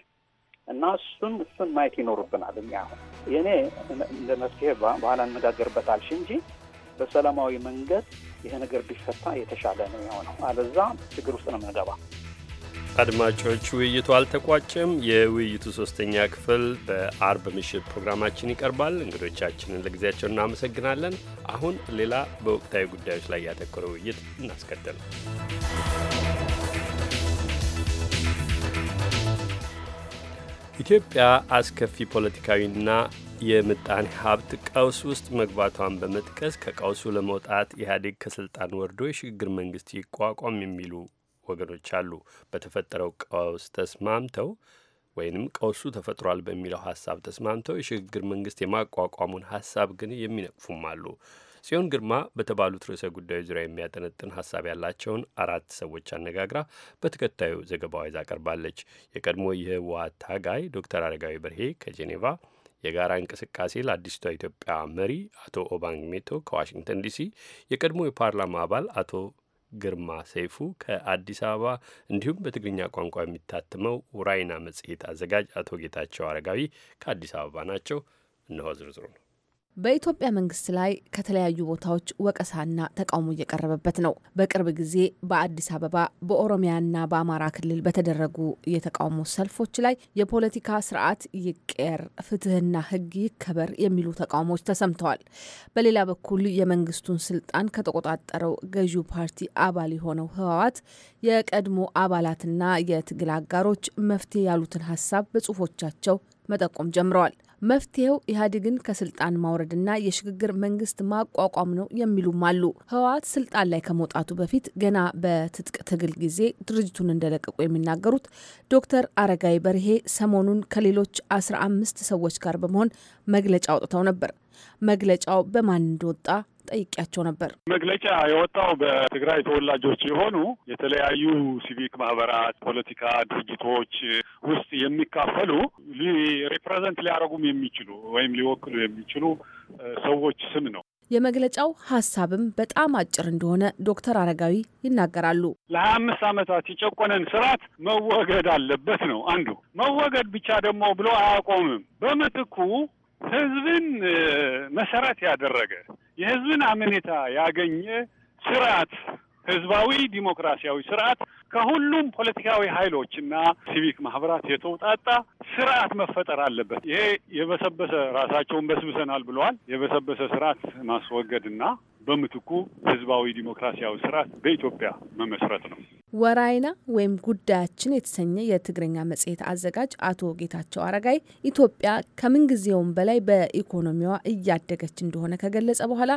እና እሱን እሱን ማየት ይኖርብናል። እኛ አሁን የእኔ እንደ መፍትሄ በኋላ እንነጋገርበታልሽ እንጂ በሰላማዊ መንገድ ይሄ ነገር ቢፈታ የተሻለ ነው የሆነው። አለዛ ችግር ውስጥ ነው የምንገባ። አድማጮች ውይይቱ አልተቋጨም። የውይይቱ ሶስተኛ ክፍል በአርብ ምሽት ፕሮግራማችን ይቀርባል። እንግዶቻችንን ለጊዜያቸው እናመሰግናለን። አሁን ሌላ በወቅታዊ ጉዳዮች ላይ ያተኮረ ውይይት እናስቀድም። ኢትዮጵያ አስከፊ ፖለቲካዊና የምጣኔ ሀብት ቀውስ ውስጥ መግባቷን በመጥቀስ ከቀውሱ ለመውጣት ኢህአዴግ ከስልጣን ወርዶ የሽግግር መንግስት ይቋቋም የሚሉ ወገኖች አሉ። በተፈጠረው ቀውስ ተስማምተው ወይንም ቀውሱ ተፈጥሯል በሚለው ሀሳብ ተስማምተው የሽግግር መንግስት የማቋቋሙን ሀሳብ ግን የሚነቅፉም አሉ። ጽዮን ግርማ በተባሉት ርዕሰ ጉዳዮች ዙሪያ የሚያጠነጥን ሀሳብ ያላቸውን አራት ሰዎች አነጋግራ በተከታዩ ዘገባዋ ይዛ ቀርባለች። የቀድሞ የህወሓት ታጋይ ዶክተር አረጋዊ በርሄ ከጄኔቫ፣ የጋራ እንቅስቃሴ ለአዲስቷ ኢትዮጵያ መሪ አቶ ኦባንግ ሜቶ ከዋሽንግተን ዲሲ፣ የቀድሞ የፓርላማ አባል አቶ ግርማ ሰይፉ ከአዲስ አበባ እንዲሁም በትግርኛ ቋንቋ የሚታትመው ውራይና መጽሔት አዘጋጅ አቶ ጌታቸው አረጋዊ ከአዲስ አበባ ናቸው። እነሆ ዝርዝሩ ነው። በኢትዮጵያ መንግስት ላይ ከተለያዩ ቦታዎች ወቀሳና ተቃውሞ እየቀረበበት ነው። በቅርብ ጊዜ በአዲስ አበባ በኦሮሚያና በአማራ ክልል በተደረጉ የተቃውሞ ሰልፎች ላይ የፖለቲካ ስርዓት ይቀየር፣ ፍትህና ህግ ይከበር የሚሉ ተቃውሞዎች ተሰምተዋል። በሌላ በኩል የመንግስቱን ስልጣን ከተቆጣጠረው ገዢው ፓርቲ አባል የሆነው ህወሓት የቀድሞ አባላትና የትግል አጋሮች መፍትሄ ያሉትን ሀሳብ በጽሁፎቻቸው መጠቆም ጀምረዋል። መፍትሄው ኢህአዴግን ከስልጣን ማውረድና የሽግግር መንግስት ማቋቋም ነው የሚሉም አሉ። ህወሓት ስልጣን ላይ ከመውጣቱ በፊት ገና በትጥቅ ትግል ጊዜ ድርጅቱን እንደለቀቁ የሚናገሩት ዶክተር አረጋይ በርሄ ሰሞኑን ከሌሎች አስራ አምስት ሰዎች ጋር በመሆን መግለጫ አውጥተው ነበር። መግለጫው በማን እንደወጣ ጠይቄያቸው ነበር። መግለጫ የወጣው በትግራይ ተወላጆች የሆኑ የተለያዩ ሲቪክ ማህበራት፣ ፖለቲካ ድርጅቶች ውስጥ የሚካፈሉ ሪፕሬዘንት ሊያደርጉም የሚችሉ ወይም ሊወክሉ የሚችሉ ሰዎች ስም ነው። የመግለጫው ሀሳብም በጣም አጭር እንደሆነ ዶክተር አረጋዊ ይናገራሉ። ለሀያ አምስት ዓመታት የጨቆነን ስርዓት መወገድ አለበት ነው አንዱ። መወገድ ብቻ ደግሞ ብሎ አያቆምም። በምትኩ ህዝብን መሰረት ያደረገ የህዝብን አመኔታ ያገኘ ስርዓት ህዝባዊ ዲሞክራሲያዊ ስርዓት ከሁሉም ፖለቲካዊ ኃይሎችና ሲቪክ ማህበራት የተውጣጣ ስርዓት መፈጠር አለበት። ይሄ የበሰበሰ ራሳቸውን በስብሰናል ብለዋል። የበሰበሰ ስርዓት ማስወገድና በምትኩ ህዝባዊ ዲሞክራሲያዊ ስርዓት በኢትዮጵያ መመስረት ነው። ወራይና ወይም ጉዳያችን የተሰኘ የትግርኛ መጽሔት አዘጋጅ አቶ ጌታቸው አረጋይ ኢትዮጵያ ከምንጊዜውም በላይ በኢኮኖሚዋ እያደገች እንደሆነ ከገለጸ በኋላ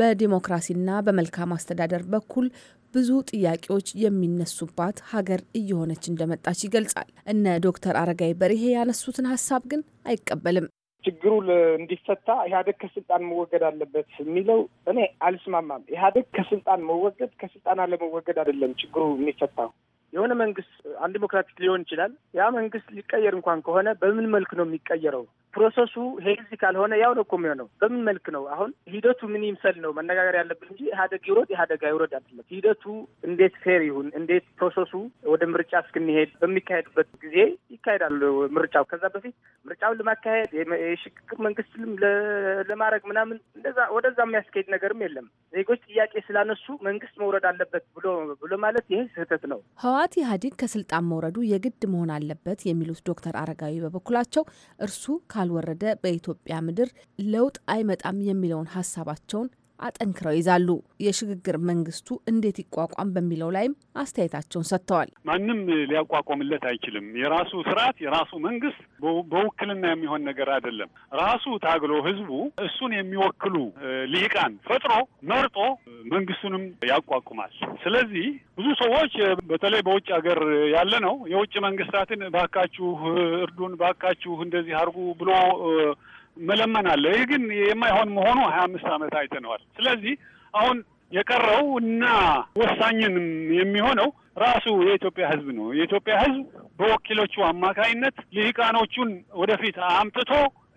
በዲሞክራሲና በመልካም አስተዳደር በኩል ብዙ ጥያቄዎች የሚነሱባት ሀገር እየሆነች እንደመጣች ይገልጻል። እነ ዶክተር አረጋይ በርሄ ያነሱትን ሀሳብ ግን አይቀበልም። ችግሩ እንዲፈታ ኢህአዴግ ከስልጣን መወገድ አለበት የሚለው እኔ አልስማማም። ኢህአዴግ ከስልጣን መወገድ ከስልጣን አለመወገድ አይደለም ችግሩ የሚፈታው። የሆነ መንግስት አንዲሞክራቲክ ሊሆን ይችላል። ያ መንግስት ሊቀየር እንኳን ከሆነ በምን መልክ ነው የሚቀየረው? ፕሮሰሱ ሄዚ ካልሆነ ያው ነው እኮ የሚሆነው። በምን መልክ ነው አሁን ሂደቱ ምን ይምሰል ነው መነጋገር ያለብን እንጂ ኢህአደግ ይውረድ ኢህአደግ አይውረድ አይደለም። ሂደቱ እንዴት ፌር ይሁን፣ እንዴት ፕሮሰሱ ወደ ምርጫ እስክንሄድ በሚካሄድበት ጊዜ ይካሄዳል ምርጫው። ከዛ በፊት ምርጫውን ለማካሄድ የሽግግር መንግስትም ለማድረግ ምናምን እንደዛ ወደዛ የሚያስካሄድ ነገርም የለም። ዜጎች ጥያቄ ስላነሱ መንግስት መውረድ አለበት ብሎ ብሎ ማለት ይህ ስህተት ነው። ህወሓት ኢህአዴግ ከስልጣን መውረዱ የግድ መሆን አለበት የሚሉት ዶክተር አረጋዊ በበኩላቸው እርሱ ካልወረደ በኢትዮጵያ ምድር ለውጥ አይመጣም የሚለውን ሀሳባቸውን አጠንክረው ይዛሉ። የሽግግር መንግስቱ እንዴት ይቋቋም በሚለው ላይም አስተያየታቸውን ሰጥተዋል። ማንም ሊያቋቋምለት አይችልም። የራሱ ስርዓት፣ የራሱ መንግስት በውክልና የሚሆን ነገር አይደለም። ራሱ ታግሎ ህዝቡ እሱን የሚወክሉ ልሂቃን ፈጥሮ መርጦ መንግስቱንም ያቋቁማል። ስለዚህ ብዙ ሰዎች በተለይ በውጭ ሀገር ያለ ነው የውጭ መንግስታትን ባካችሁ እርዱን፣ ባካችሁ እንደዚህ አድርጉ ብሎ መለመን አለ። ይህ ግን የማይሆን መሆኑ ሀያ አምስት ዓመት አይተነዋል። ስለዚህ አሁን የቀረው እና ወሳኝን የሚሆነው ራሱ የኢትዮጵያ ሕዝብ ነው። የኢትዮጵያ ሕዝብ በወኪሎቹ አማካይነት ልሂቃኖቹን ወደፊት አምጥቶ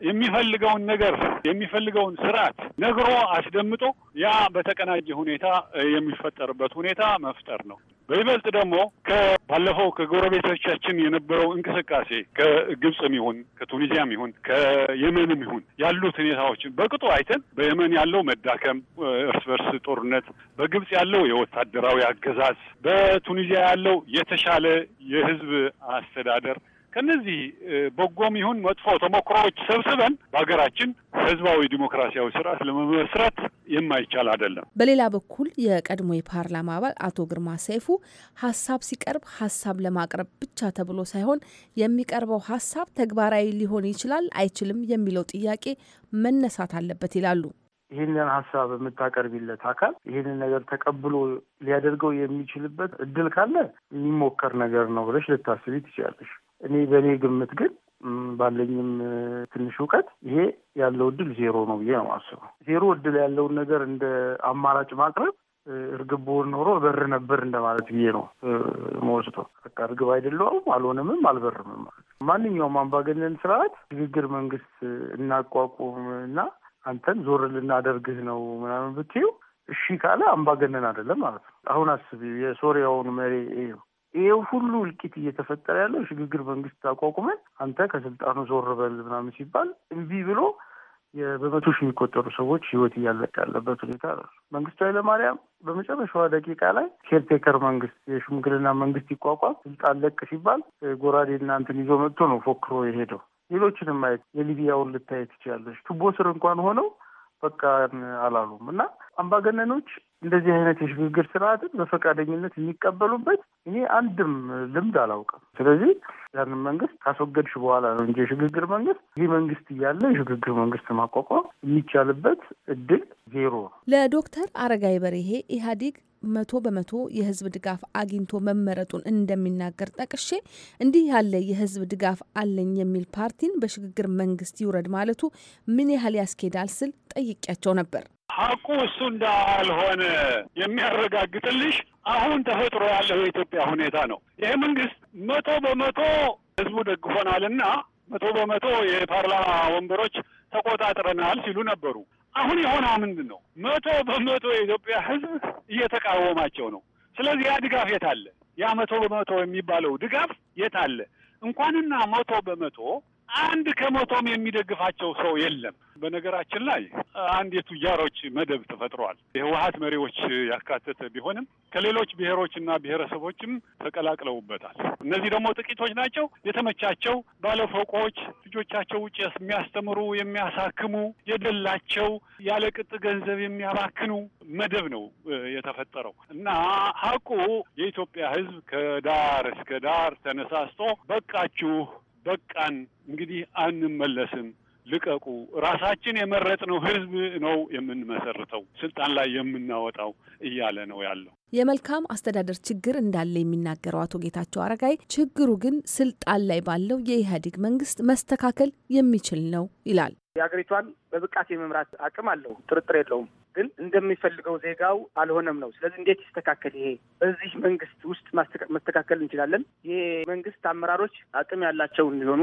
የሚፈልገውን ነገር የሚፈልገውን ስርዓት ነግሮ አስደምጦ ያ በተቀናጀ ሁኔታ የሚፈጠርበት ሁኔታ መፍጠር ነው። በይበልጥ ደግሞ ከባለፈው ከጎረቤቶቻችን የነበረው እንቅስቃሴ ከግብፅም ይሁን ከቱኒዚያም ይሁን ከየመንም ይሁን ያሉት ሁኔታዎችን በቅጡ አይተን በየመን ያለው መዳከም፣ እርስ በርስ ጦርነት፣ በግብፅ ያለው የወታደራዊ አገዛዝ፣ በቱኒዚያ ያለው የተሻለ የህዝብ አስተዳደር ከነዚህ በጎም ይሁን መጥፎ ተሞክሮዎች ሰብስበን በሀገራችን ህዝባዊ ዲሞክራሲያዊ ስርዓት ለመመስረት የማይቻል አይደለም። በሌላ በኩል የቀድሞ የፓርላማ አባል አቶ ግርማ ሰይፉ ሀሳብ ሲቀርብ ሀሳብ ለማቅረብ ብቻ ተብሎ ሳይሆን የሚቀርበው ሀሳብ ተግባራዊ ሊሆን ይችላል አይችልም የሚለው ጥያቄ መነሳት አለበት ይላሉ። ይህንን ሀሳብ የምታቀርቢለት አካል ይህንን ነገር ተቀብሎ ሊያደርገው የሚችልበት እድል ካለ የሚሞከር ነገር ነው ብለሽ ልታስቢ ትችላለሽ። እኔ በእኔ ግምት ግን ባለኝም ትንሽ እውቀት ይሄ ያለው እድል ዜሮ ነው ብዬ ነው የማስበው። ዜሮ እድል ያለውን ነገር እንደ አማራጭ ማቅረብ እርግብ ብሆን ኖሮ በር ነበር እንደማለት ብዬ ነው መወስቶ። በቃ እርግብ አይደለሁም፣ አልሆንምም፣ አልበርምም ማለት ማንኛውም አምባገነን ስርዓት ሽግግር መንግስት እናቋቁም እና አንተን ዞር ልናደርግህ ነው ምናምን ብትይው እሺ ካለ አምባገነን አይደለም ማለት ነው። አሁን አስብ የሶሪያውን መሪ ይሄው ሁሉ እልቂት እየተፈጠረ ያለው ሽግግር መንግስት አቋቁመን አንተ ከስልጣኑ ዞር በል ምናምን ሲባል እምቢ ብሎ በመቶ ሺህ የሚቆጠሩ ሰዎች ህይወት እያለቀ ያለበት ሁኔታ ነው። መንግስቱ ኃይለማርያም በመጨረሻዋ ደቂቃ ላይ ኬርቴከር መንግስት፣ የሽምግልና መንግስት ይቋቋም ስልጣን ለቅ ሲባል ጎራዴ እናንትን ይዞ መጥቶ ነው ፎክሮ የሄደው። ሌሎችንም ማየት የሊቢያውን ልታየት ትችላለች። ቱቦ ስር እንኳን ሆነው በቃ አላሉም እና አምባገነኖች እንደዚህ አይነት የሽግግር ስርዓትን በፈቃደኝነት የሚቀበሉበት እኔ አንድም ልምድ አላውቅም። ስለዚህ ያንን መንግስት ካስወገድሽ በኋላ ነው እንጂ የሽግግር መንግስት ይህ መንግስት እያለ የሽግግር መንግስት ማቋቋም የሚቻልበት እድል ዜሮ ነው። ለዶክተር አረጋይ በርሄ ኢህአዴግ መቶ በመቶ የህዝብ ድጋፍ አግኝቶ መመረጡን እንደሚናገር ጠቅሼ እንዲህ ያለ የህዝብ ድጋፍ አለኝ የሚል ፓርቲን በሽግግር መንግስት ይውረድ ማለቱ ምን ያህል ያስኬዳል ስል ጠይቄያቸው ነበር። ሀቁ እሱ እንዳልሆነ የሚያረጋግጥልሽ አሁን ተፈጥሮ ያለው የኢትዮጵያ ሁኔታ ነው። ይሄ መንግስት መቶ በመቶ ህዝቡ ደግፎናል መቶ በመቶ የፓርላማ ወንበሮች ተቆጣጥረናል ሲሉ ነበሩ። አሁን የሆነው ምንድን ነው? መቶ በመቶ የኢትዮጵያ ህዝብ እየተቃወማቸው ነው። ስለዚህ ያ ድጋፍ የት አለ? ያ መቶ በመቶ የሚባለው ድጋፍ የት አለ? እንኳንና መቶ በመቶ አንድ ከመቶም የሚደግፋቸው ሰው የለም። በነገራችን ላይ አንድ የቱጃሮች መደብ ተፈጥሯል። የህወሀት መሪዎች ያካተተ ቢሆንም ከሌሎች ብሔሮች እና ብሔረሰቦችም ተቀላቅለውበታል። እነዚህ ደግሞ ጥቂቶች ናቸው። የተመቻቸው ባለፎቆች፣ ልጆቻቸው ውጭ የሚያስተምሩ የሚያሳክሙ፣ የደላቸው ያለ ቅጥ ገንዘብ የሚያባክኑ መደብ ነው የተፈጠረው እና ሀቁ የኢትዮጵያ ህዝብ ከዳር እስከ ዳር ተነሳስቶ በቃችሁ በቃን፣ እንግዲህ አንመለስም ልቀቁ፣ ራሳችን የመረጥነው ህዝብ ነው የምንመሰርተው፣ ስልጣን ላይ የምናወጣው እያለ ነው ያለው። የመልካም አስተዳደር ችግር እንዳለ የሚናገረው አቶ ጌታቸው አረጋይ ችግሩ ግን ስልጣን ላይ ባለው የኢህአዴግ መንግስት መስተካከል የሚችል ነው ይላል። የሀገሪቷን በብቃት የመምራት አቅም አለው፣ ጥርጥር የለውም። ግን እንደሚፈልገው ዜጋው አልሆነም ነው። ስለዚህ እንዴት ይስተካከል? ይሄ በዚህ መንግስት ውስጥ መስተካከል እንችላለን። ይሄ መንግስት አመራሮች አቅም ያላቸው እንዲሆኑ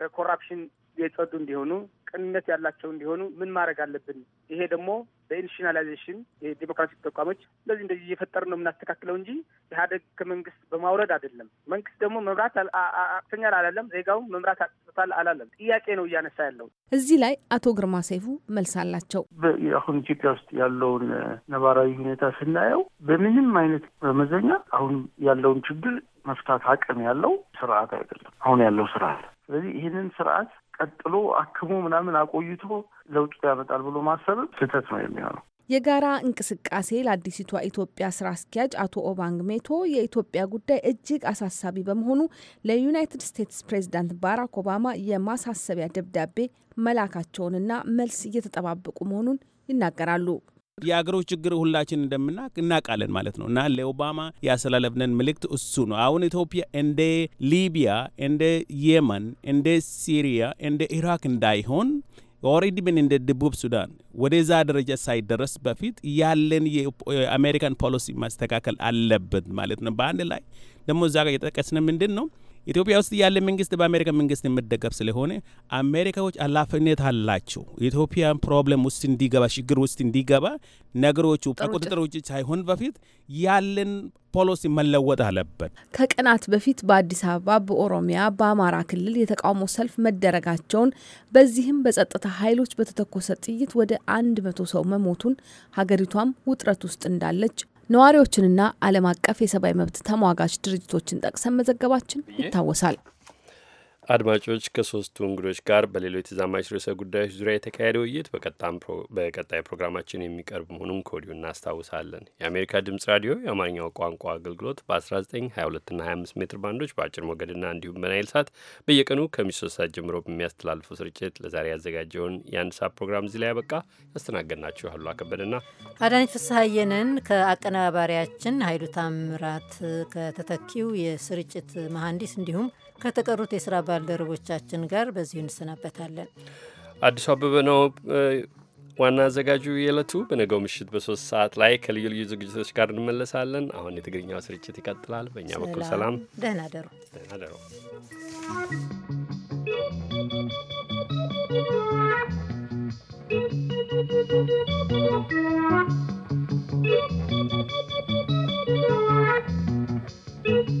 ከኮራፕሽን የጸዱ እንዲሆኑ ቅንነት ያላቸው እንዲሆኑ ምን ማድረግ አለብን? ይሄ ደግሞ በኢንሽናላይዜሽን የዲሞክራሲ ተቋሞች እንደዚህ እንደዚህ እየፈጠር ነው የምናስተካክለው እንጂ ኢህአዴግ ከመንግስት በማውረድ አይደለም። መንግስት ደግሞ መምራት አቅተኛል አላለም፣ ዜጋውም መምራት አቅቶታል አላለም። ጥያቄ ነው እያነሳ ያለው። እዚህ ላይ አቶ ግርማ ሰይፉ መልስ አላቸው። አሁን ኢትዮጵያ ውስጥ ያለውን ነባራዊ ሁኔታ ስናየው በምንም አይነት በመዘኛ አሁን ያለውን ችግር መፍታት አቅም ያለው ስርዓት አይደለም አሁን ያለው ስርዓት። ስለዚህ ይህንን ስርዓት ቀጥሎ አክሞ ምናምን አቆይቶ ለውጥ ያመጣል ብሎ ማሰብም ስህተት ነው የሚሆነው። የጋራ እንቅስቃሴ ለአዲሲቷ ኢትዮጵያ ስራ አስኪያጅ አቶ ኦባንግ ሜቶ የኢትዮጵያ ጉዳይ እጅግ አሳሳቢ በመሆኑ ለዩናይትድ ስቴትስ ፕሬዚዳንት ባራክ ኦባማ የማሳሰቢያ ደብዳቤ መላካቸውንና መልስ እየተጠባበቁ መሆኑን ይናገራሉ። የአገሮች ችግር ሁላችን እንደምናቅ እናቃለን ማለት ነው። እና ለኦባማ ያስተላለፍነን ምልክት እሱ ነው። አሁን ኢትዮጵያ እንደ ሊቢያ፣ እንደ የመን፣ እንደ ሲሪያ፣ እንደ ኢራክ እንዳይሆን ኦሬዲ ምን እንደ ደቡብ ሱዳን ወደዛ ደረጃ ሳይደረስ በፊት ያለን የአሜሪካን ፖሊሲ ማስተካከል አለበት ማለት ነው። በአንድ ላይ ደግሞ እዛ ጋር የጠቀስን ምንድን ነው ኢትዮጵያ ውስጥ ያለ መንግስት በአሜሪካ መንግስት የምደገፍ ስለሆነ አሜሪካዎች ኃላፊነት አላቸው። ኢትዮጵያን ፕሮብለም ውስጥ እንዲገባ ችግር ውስጥ እንዲገባ ነገሮቹ ከቁጥጥር ውጭ ሳይሆን በፊት ያለን ፖሊሲ መለወጥ አለበት። ከቀናት በፊት በአዲስ አበባ፣ በኦሮሚያ፣ በአማራ ክልል የተቃውሞ ሰልፍ መደረጋቸውን በዚህም በጸጥታ ኃይሎች በተተኮሰ ጥይት ወደ አንድ መቶ ሰው መሞቱን ሀገሪቷም ውጥረት ውስጥ እንዳለች ነዋሪዎችንና ዓለም አቀፍ የሰብአዊ መብት ተሟጋች ድርጅቶችን ጠቅሰን መዘገባችን ይታወሳል። አድማጮች ከሶስቱ እንግዶች ጋር በሌሎች ተዛማች ርዕሰ ጉዳዮች ዙሪያ የተካሄደ ውይይት በቀጣይ ፕሮግራማችን የሚቀርብ መሆኑን ከወዲሁ እናስታውሳለን። የአሜሪካ ድምጽ ራዲዮ የአማርኛው ቋንቋ አገልግሎት በ 1922 22 25 ሜትር ባንዶች በአጭር ሞገድና እንዲሁም በናይል ሳት በየቀኑ ከምሽቱ ሶስት ሰዓት ጀምሮ በሚያስተላልፈው ስርጭት ለዛሬ ያዘጋጀውን የአንድ ሰዓት ፕሮግራም እዚህ ላይ ያበቃ። ያስተናገድናችሁ አሉላ ከበደና አዳነች ፍስሐየንን ከአቀነባባሪያችን ኃይሉ ታምራት ከተተኪው የስርጭት መሐንዲስ እንዲሁም ከተቀሩት የስራ ባልደረቦቻችን ጋር በዚሁ እንሰናበታለን። አዲሱ አበበ ነው ዋና አዘጋጁ። የዕለቱ በነገው ምሽት በሶስት ሰዓት ላይ ከልዩ ልዩ ዝግጅቶች ጋር እንመለሳለን። አሁን የትግርኛው ስርጭት ይቀጥላል። በእኛ በኩል ሰላም፣ ደህና ደሩ፣ ደህና ደሩ።